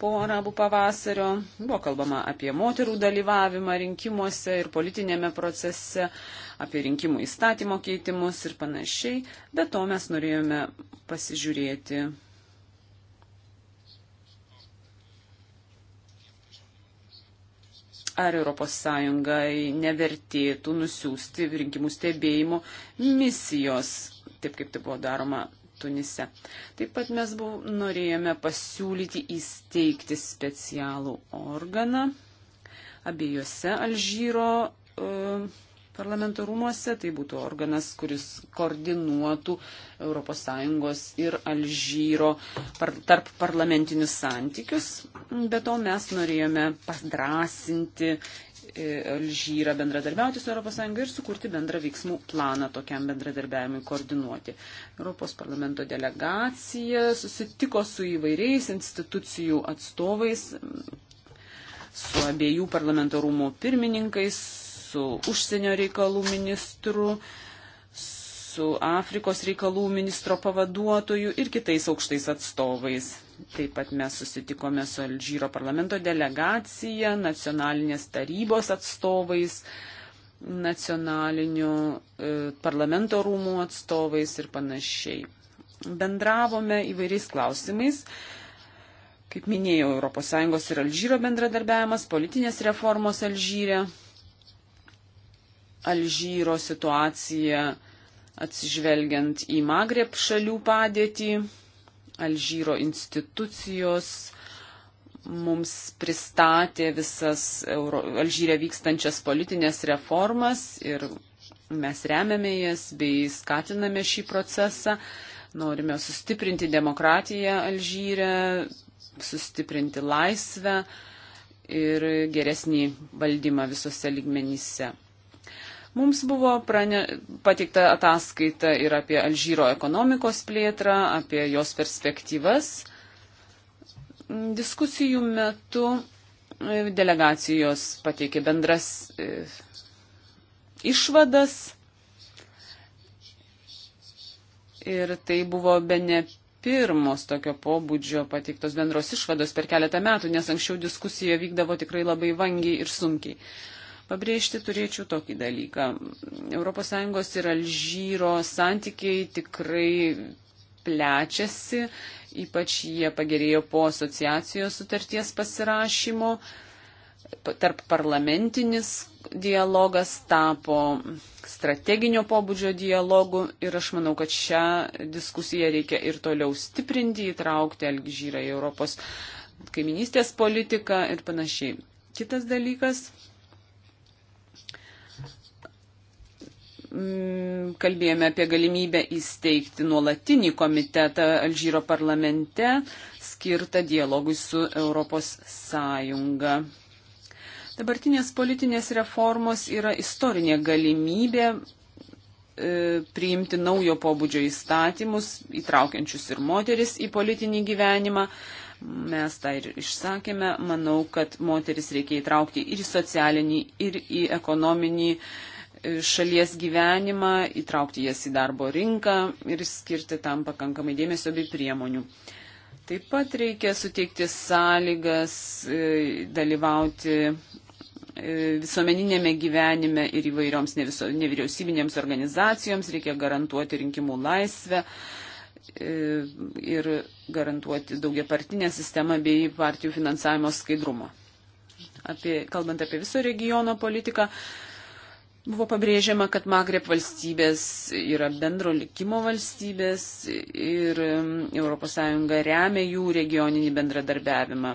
po arabų pavasario. Buvo kalbama apie moterų dalyvavimą rinkimuose ir politinėme procese, apie rinkimų įstatymo keitimus ir panašiai. Be to mes norėjome pasižiūrėti. Ar ES nevertėtų nusiųsti rinkimų stebėjimo misijos, taip kaip tai buvo daroma Tunise. Taip pat mes buv, norėjome pasiūlyti įsteigti specialų organą abiejose Alžyro e, parlamento rūmose. Tai būtų organas, kuris koordinuotų ES ir Alžyro par, tarp parlamentinius santykius. Be to mes norėjome padrasinti Alžyrą bendradarbiauti su ES ir sukurti bendrą veiksmų planą tokiam bendradarbiavimui koordinuoti. Europos parlamento delegacija susitiko su įvairiais institucijų atstovais, su abiejų parlamento rūmų pirmininkais, su užsienio reikalų ministru su Afrikos reikalų ministro pavaduotoju ir kitais aukštais atstovais. Taip pat mes susitikome su Alžyro parlamento delegacija, nacionalinės tarybos atstovais, nacionalinių e, parlamento rūmų atstovais ir panašiai. Bendravome įvairiais klausimais. Kaip minėjau, ES ir Alžyro bendradarbiavimas, politinės reformos Alžyre, Alžyro situacija atsižvelgiant į Magreb šalių padėtį, Alžyro institucijos mums pristatė visas Euro, Alžyrė vykstančias politinės reformas ir mes remiame jas bei skatiname šį procesą. Norime sustiprinti demokratiją Alžyrę, sustiprinti laisvę ir geresnį valdymą visose lygmenyse. Mums buvo prane, pateikta ataskaita ir apie Alžyro ekonomikos plėtrą, apie jos perspektyvas. Diskusijų metu e, delegacijos pateikė bendras e, išvadas. Ir tai buvo be ne pirmos tokio pobūdžio pateiktos bendros išvados per keletą metų, nes anksčiau diskusija vykdavo tikrai labai vangiai ir sunkiai. Pabrėžti turėčiau tokį dalyką. ES ir Alžyro santykiai tikrai plečiasi, ypač jie pagerėjo po asociacijos sutarties pasirašymo. Tarp parlamentinis dialogas tapo strateginio pobūdžio dialogu ir aš manau, kad šią diskusiją reikia ir toliau stiprinti, įtraukti Algžyrą į Europos kaiminystės politiką ir panašiai. Kitas dalykas mm, kalbėjome apie galimybę įsteigti nuolatinį komitetą Alžyro parlamente skirtą dialogui su Europos Sąjunga. Dabartinės politinės reformos yra istorinė galimybė e, priimti naujo pobūdžio įstatymus, įtraukiančius ir moteris į politinį gyvenimą, mes tą ir išsakėme, manau, kad moteris reikia įtraukti ir į socialinį, ir į ekonominį šalies gyvenimą, įtraukti jas į darbo rinką ir skirti tam pakankamai dėmesio bei priemonių. Taip pat reikia suteikti sąlygas e, dalyvauti e, visuomeninėme gyvenime ir įvairioms neviso, nevyriausybinėms organizacijoms, reikia garantuoti rinkimų laisvę e, ir garantuoti daugia partinę sistemą bei partijų finansavimo skaidrumą. Apie, kalbant apie viso regiono politiką, Buvo pabrėžiama, kad Magreb valstybės yra bendro likimo valstybės ir um, ES remia jų regioninį bendradarbiavimą.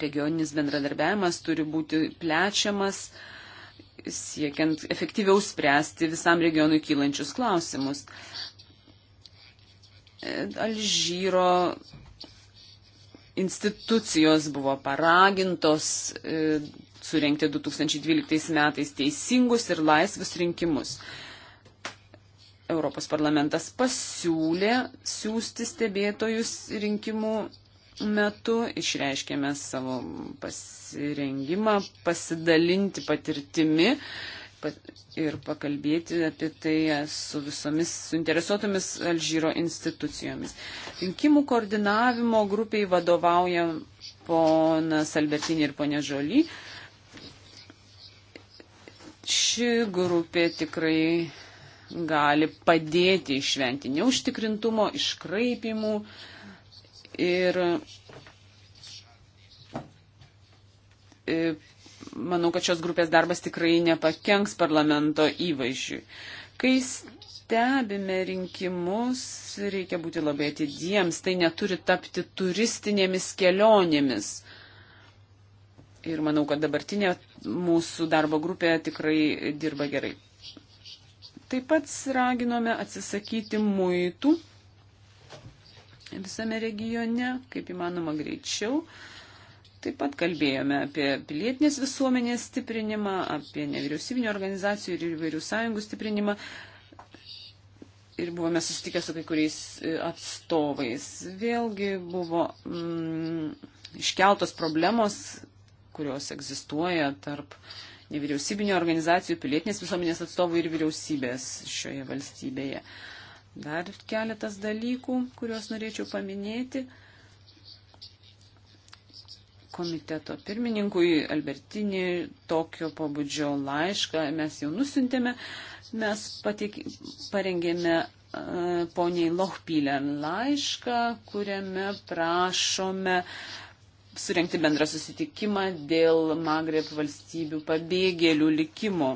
Regioninis bendradarbiavimas turi būti plečiamas, siekiant efektyviau spręsti visam regionui kylančius klausimus. E, Alžyro institucijos buvo paragintos e, surenkti 2012 metais teisingus ir laisvus rinkimus. Europos parlamentas pasiūlė siūsti stebėtojus rinkimų metu, išreiškėme savo pasirengimą pasidalinti patirtimi ir pakalbėti apie tai su visomis suinteresuotomis Alžyro institucijomis. Rinkimų koordinavimo grupiai vadovauja ponas Albertinė ir ponė Žoly. Ši grupė tikrai gali padėti išvengti neužtikrintumo, iškraipimų ir e, manau, kad šios grupės darbas tikrai nepakenks parlamento įvaizdžiui. Kai stebime rinkimus, reikia būti labai atidiems, tai neturi tapti turistinėmis kelionėmis ir manau, kad dabartinė mūsų darbo grupė tikrai dirba gerai. Taip pat raginome atsisakyti muitų visame regione, kaip įmanoma greičiau. Taip pat kalbėjome apie pilietinės visuomenės stiprinimą, apie nevyriausybinio organizacijų ir įvairių sąjungų stiprinimą. Ir buvome susitikę su kai kuriais e, atstovais. Vėlgi buvo mm, iškeltos problemos, kurios egzistuoja tarp nevyriausybinio organizacijų, pilietinės visuomenės atstovų ir vyriausybės šioje valstybėje. Dar keletas dalykų, kuriuos norėčiau paminėti. Komiteto pirmininkui Albertinį tokio pobūdžio laišką mes jau nusintėme. Mes patik, parengėme e, poniai Lochpylę laišką, kuriame prašome uh, surenkti bendrą susitikimą dėl Magreb valstybių pabėgėlių likimo.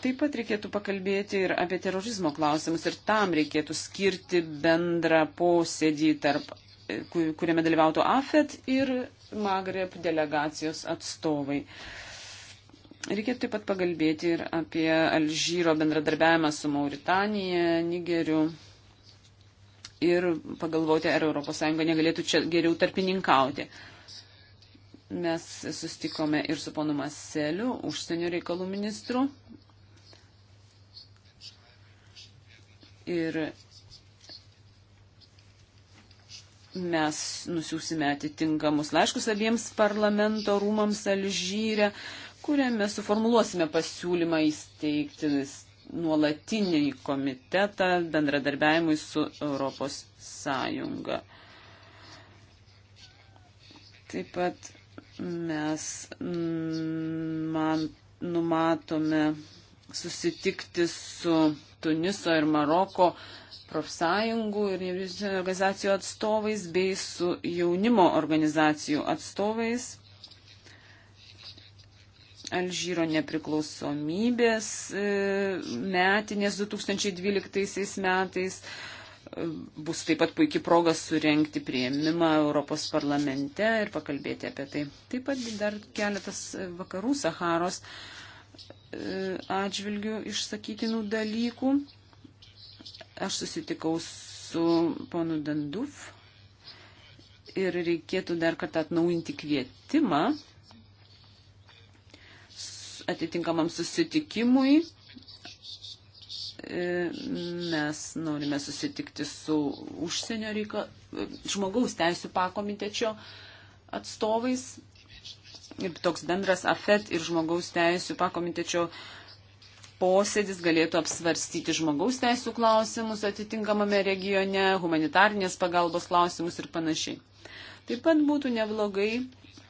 Taip pat reikėtų pakalbėti ir apie terorizmo klausimus ir tam reikėtų skirti bendrą posėdį, tarp, e, kuriame dalyvautų AFET ir Magreb delegacijos atstovai. Reikėtų taip pat pakalbėti ir apie Alžyro bendradarbiavimą su Mauritanija, Nigeriu ir pagalvoti, ar ES negalėtų čia geriau tarpininkauti. Mes sustikome ir su ponu Maseliu, užsienio reikalų ministru. Ir mes nusiūsime atitinkamus laiškus abiems parlamento rūmams Alžyre, kuriame suformuluosime pasiūlymą įsteigti nuolatinį komitetą bendradarbiavimui su Europos Sąjunga. Taip pat mes man numatome susitikti su Tuniso ir Maroko profsąjungų ir organizacijų atstovais bei su jaunimo organizacijų atstovais Alžyro nepriklausomybės e, metinės 2012 metais. E, bus taip pat puikiai proga surenkti prieimimą Europos parlamente ir pakalbėti apie tai. Taip pat dar keletas vakarų Saharos e, atžvilgių išsakytinų dalykų. Aš susitikau su ponu Danduf ir reikėtų dar kartą atnaujinti kvietimą atitinkamam susitikimui. E, mes norime susitikti su užsienio reika, e, žmogaus teisų pakomitečio atstovais. Ir toks bendras AFET ir žmogaus teisų pakomitečio posėdis galėtų apsvarstyti žmogaus teisų klausimus atitinkamame regione, humanitarnės pagalbos klausimus ir panašiai. Taip pat būtų neblogai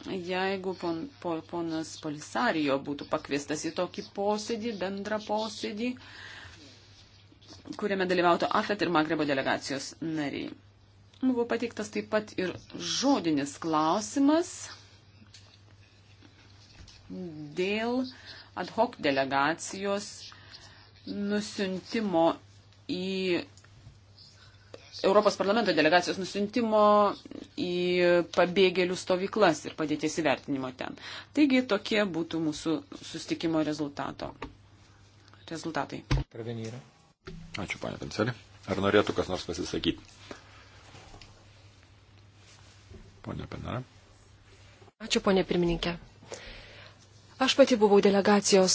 jeigu pon, pon, ponas Polisarijo būtų pakviestas į tokį posėdį, bendrą posėdį, kuriame dalyvautų AFET ir Magrebo delegacijos nariai. Buvo pateiktas taip pat ir žodinis klausimas dėl ad hoc delegacijos nusiuntimo į Europos parlamento delegacijos nusintimo į pabėgėlių stovyklas ir padėties įvertinimo ten. Taigi tokie būtų mūsų sustikimo rezultato. rezultatai. Prevenyra. Ačiū, panė Tancelė. Ar norėtų kas nors pasisakyti? Pone Penara. Ačiū, ponė pirmininkė. Aš pati buvau delegacijos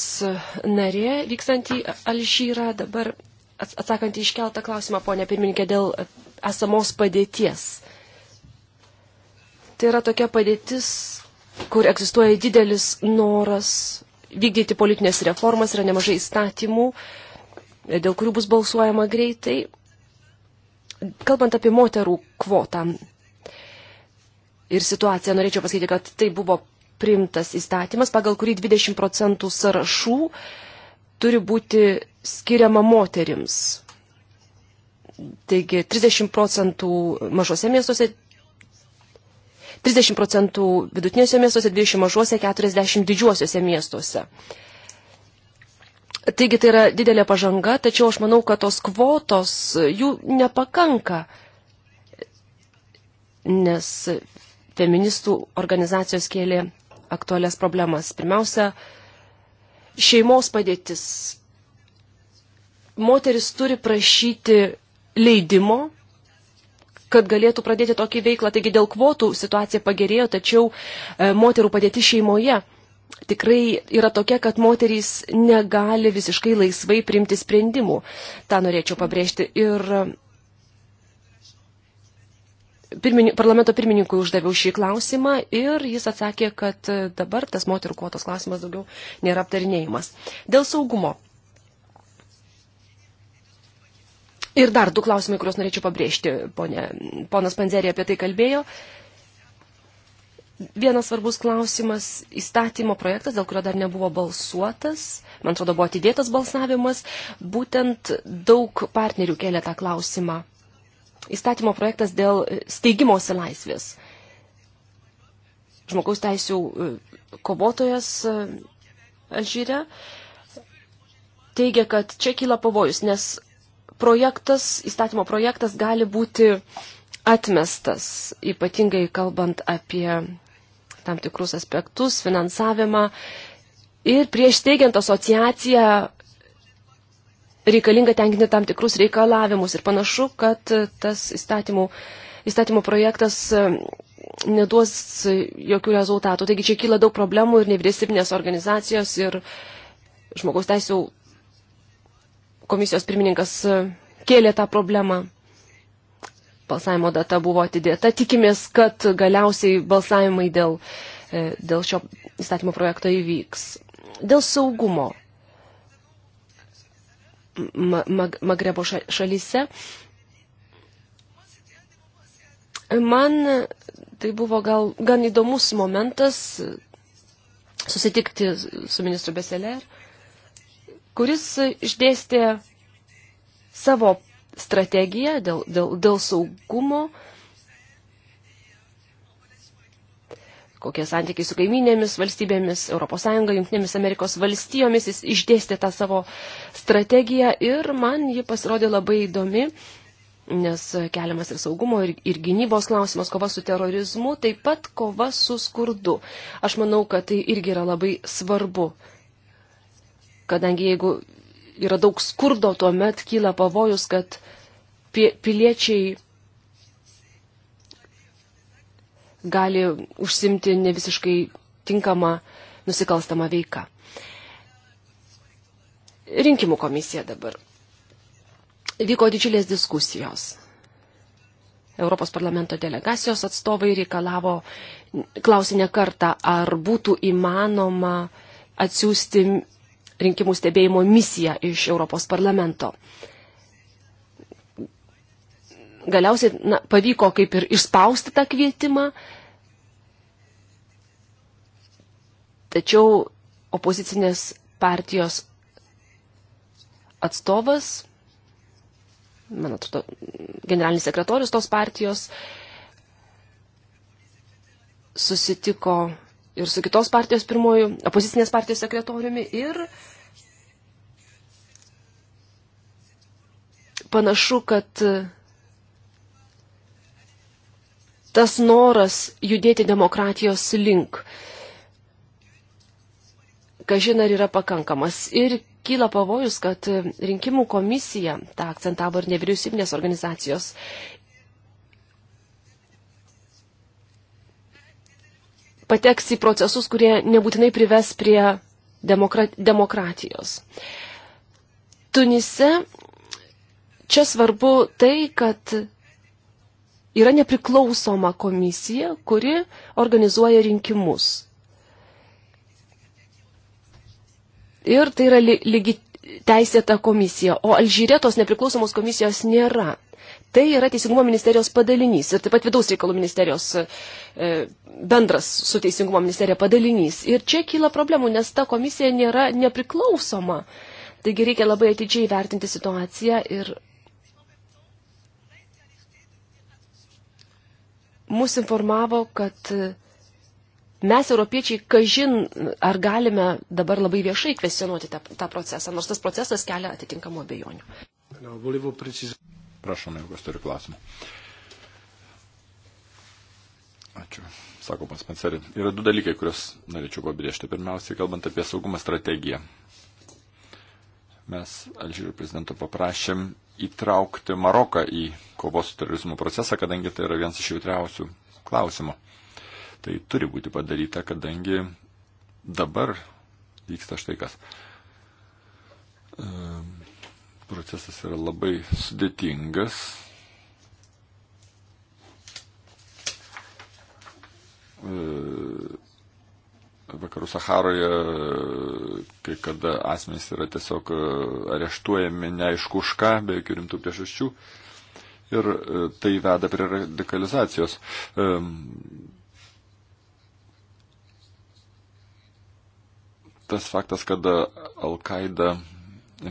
narė vykstant į Alžyrą, dabar atsakant į iškeltą klausimą, ponė pirmininkė, dėl esamos padėties. Tai yra tokia padėtis, kur egzistuoja didelis noras vykdyti politinės reformas, yra nemažai įstatymų, dėl kurių bus balsuojama greitai. Kalbant apie moterų kvotą ir situaciją, norėčiau pasakyti, kad tai buvo priimtas įstatymas, pagal kurį 20 procentų sąrašų uh, turi būti skiriama moterims. Taigi 30 procentų mažose miestuose, 30 procentų vidutinėse miestuose, 20 mažose, 40 didžiuosiuose miestuose. Taigi tai yra didelė pažanga, tačiau aš manau, kad tos kvotos jų nepakanka, nes feministų organizacijos kėlė aktualias problemas. Pirmiausia, šeimos padėtis. Moteris turi prašyti leidimo, kad galėtų pradėti tokį veiklą. Taigi dėl kvotų situacija pagerėjo, tačiau e, moterų padėti šeimoje tikrai yra tokia, kad moterys negali visiškai laisvai priimti sprendimų. Ta norėčiau pabrėžti. Ir pirmini, parlamento pirmininkui uždaviau šį klausimą ir jis atsakė, kad dabar tas moterų kvotos klausimas daugiau nėra aptarinėjimas. Dėl saugumo. Ir dar du klausimai, kuriuos norėčiau pabrėžti, ponė, ponas Panzerė apie tai kalbėjo. Vienas svarbus klausimas - įstatymo projektas, dėl kurio dar nebuvo balsuotas, man atrodo, buvo atidėtas balsavimas, būtent daug partnerių kelia tą klausimą įstatymo projektas dėl e, steigimosi laisvės. Žmogaus teisų e, kovotojas e, Alžyre teigia, kad čia kyla pavojus, nes projektas, įstatymo projektas gali būti atmestas, ypatingai kalbant apie tam tikrus aspektus, finansavimą. Ir prieš steigiant asociaciją reikalinga tenkinti tam tikrus reikalavimus. Ir panašu, kad e, tas įstatymų, įstatymų projektas e, neduos jokių rezultatų. Taigi čia kyla daug problemų ir nevyriausybinės organizacijos ir žmogaus teisų komisijos pirmininkas e, kėlė tą problemą. Balsavimo data buvo atidėta. Tikimės, kad galiausiai balsavimai dėl, dėl šio įstatymo projekto įvyks. Dėl saugumo mag, Magrebo šalyse. Man tai buvo gal gan įdomus momentas susitikti su ministru Beseler, kuris išdėstė savo strategiją dėl, dėl, dėl saugumo, uh, kokie santykiai su kaiminėmis valstybėmis, ES, Junktinėmis Amerikos valstijomis, jis išdėstė tą savo strategiją ir man ji pasirodė labai įdomi, nes keliamas ir saugumo, ir, ir gynybos klausimas, kova su terorizmu, taip pat kova su skurdu. Aš manau, kad tai irgi yra labai svarbu, kadangi jeigu yra daug skurdo, tuomet kyla pavojus, kad piliečiai gali užsimti ne visiškai tinkamą nusikalstamą veiką. Rinkimų komisija dabar. Vyko didžiulės diskusijos. Europos parlamento delegacijos atstovai reikalavo, klausė ne kartą, ar būtų įmanoma atsiųsti rinkimų stebėjimo misiją iš Europos parlamento. Uh, galiausiai na, pavyko kaip ir išspausti tą kvietimą. Tačiau opozicinės partijos atstovas, man atrodo, generalinis sekretorius tos partijos susitiko ir su kitos partijos pirmoju, opozicinės partijos sekretoriumi ir panašu, kad tas noras judėti demokratijos link. Kažin ar yra pakankamas. Ir kyla pavojus, kad rinkimų komisija, tą akcentavo ir nevyriausybinės organizacijos, pateks į procesus, kurie nebūtinai prives prie demokratijos. Tunise čia svarbu tai, kad yra nepriklausoma komisija, kuri organizuoja rinkimus. Ir tai yra lygi teisėta komisija, o Alžyre tos nepriklausomos komisijos nėra. Tai yra Teisingumo ministerijos padalinys ir taip pat vidaus reikalų ministerijos e, bendras su Teisingumo ministerija padalinys. Ir čia kyla problemų, nes ta komisija nėra nepriklausoma. Taigi reikia labai atidžiai vertinti situaciją ir mūsų informavo, kad mes, europiečiai, kažin, ar galime dabar labai viešai kvestionuoti tą, tą procesą, nors tas procesas kelia atitinkamų abejonių. Prašome, jeigu turi klausimą. Ačiū. Sako pas Panceri. Yra du dalykai, kuriuos norėčiau pabrėžti. Pirmiausiai, kalbant apie saugumo strategiją. Mes Alžyrių prezidento paprašėm įtraukti Maroką į kovos su terorizmu procesą, kadangi tai yra vienas iš jautriausių klausimų. Tai turi būti padaryta, kadangi dabar vyksta štai kas. Ehm, procesas yra labai sudėtingas. Ehm, Vakarų Saharoje kai kada asmenys yra tiesiog e, areštuojami neaišku už ką, be jokių rimtų priežasčių. Ir e, tai veda prie radikalizacijos. Tas faktas, kad Al-Qaeda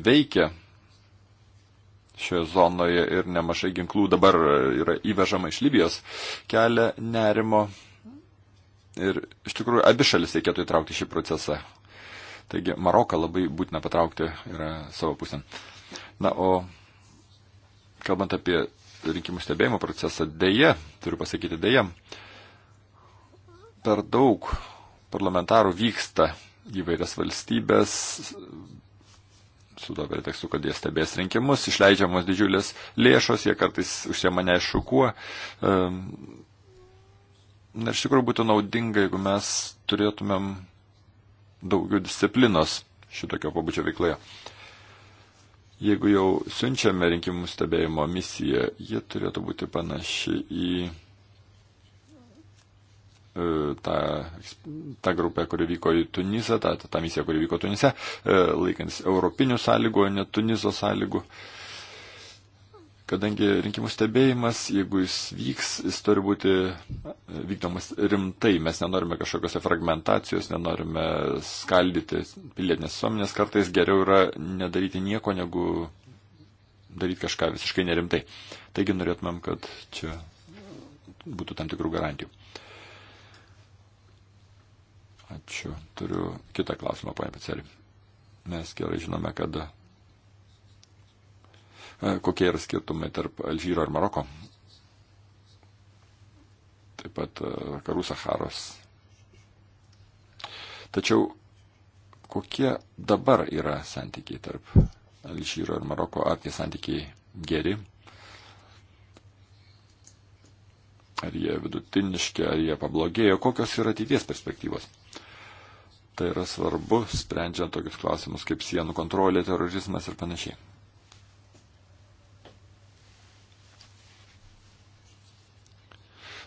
veikia šioje zonoje ir nemažai ginklų dabar yra įvežama iš Libijos, kelia nerimo Ir iš tikrųjų abi šalis reikėtų įtraukti šį procesą. Taigi Maroką labai būtina patraukti yra savo pusę. Na, o kalbant apie rinkimų stebėjimo procesą, dėje, turiu pasakyti dėje, per daug parlamentarų vyksta įvairias valstybės, sudavė tekstu, kad jie stebės rinkimus, išleidžiamos didžiulės lėšos, jie kartais užsiema neaišku kuo, ehm, Na, iš tikrųjų būtų naudinga, jeigu mes turėtumėm daugiau disciplinos šitokio pabudžio veikloje. Jeigu jau siunčiame rinkimų stebėjimo misiją, ji turėtų būti panaši į e, tą, tą grupę, kuri vyko į Tunisą, tą, tą misiją, kuri vyko Tunise, e, laikantis europinių sąlygų, o ne Tuniso sąlygų. E, kadangi rinkimų stebėjimas, jeigu jis vyks, jis turi būti vykdomas rimtai. Mes nenorime kažkokios tai fragmentacijos, nenorime skaldyti pilietinės visuomenės. Kartais geriau yra nedaryti nieko, negu daryti kažką visiškai nerimtai. Taigi norėtumėm, kad čia būtų tam tikrų garantijų. Ačiū. Turiu kitą klausimą, ponia Picelį. Mes gerai žinome, kad kokie yra skirtumai tarp Alžyro ir Maroko. Taip pat vakarų Saharos. Tačiau kokie dabar yra santykiai tarp Alžyro ir Maroko? Ar tie santykiai geri? Ar jie vidutiniški, ar jie pablogėjo? Kokios yra ateities perspektyvos? Tai yra svarbu, sprendžiant tokius klausimus kaip sienų kontrolė, terorizmas ir panašiai.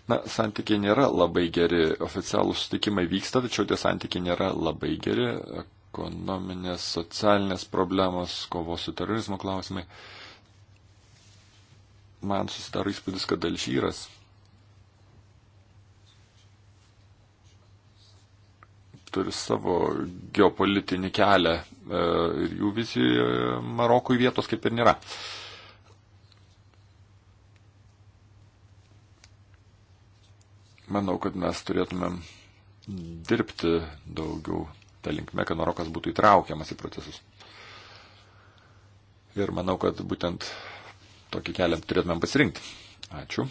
Na, santykiai nėra labai geri, oficialūs sutikimai vyksta, tačiau tie santykiai nėra labai geri, ekonominės, socialinės problemos, kovos su terorizmo klausimai. Man susidaro įspūdis, kad Alžyras turi savo geopolitinį kelią e, ir jų vizijoje Marokui vietos kaip ir nėra. E, manau, kad mes turėtumėm dirbti daugiau tą linkmę, kad Marokas būtų įtraukiamas į procesus. Ir manau, kad būtent tokį kelią turėtumėm pasirinkti. Ačiū.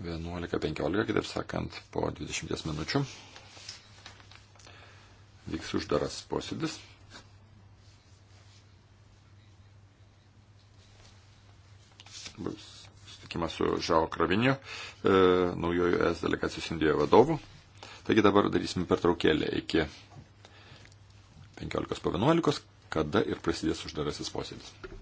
Vienuolika, penkiolika, kitaip sakant, po 20 minučių vyks uždaras posėdis. bus sutikimas su Žao Kraviniu, e, naujojo ES delegacijos Indijoje vadovu. Taigi dabar darysime pertraukėlę iki 15.11, kada ir prasidės uždarasis posėdis.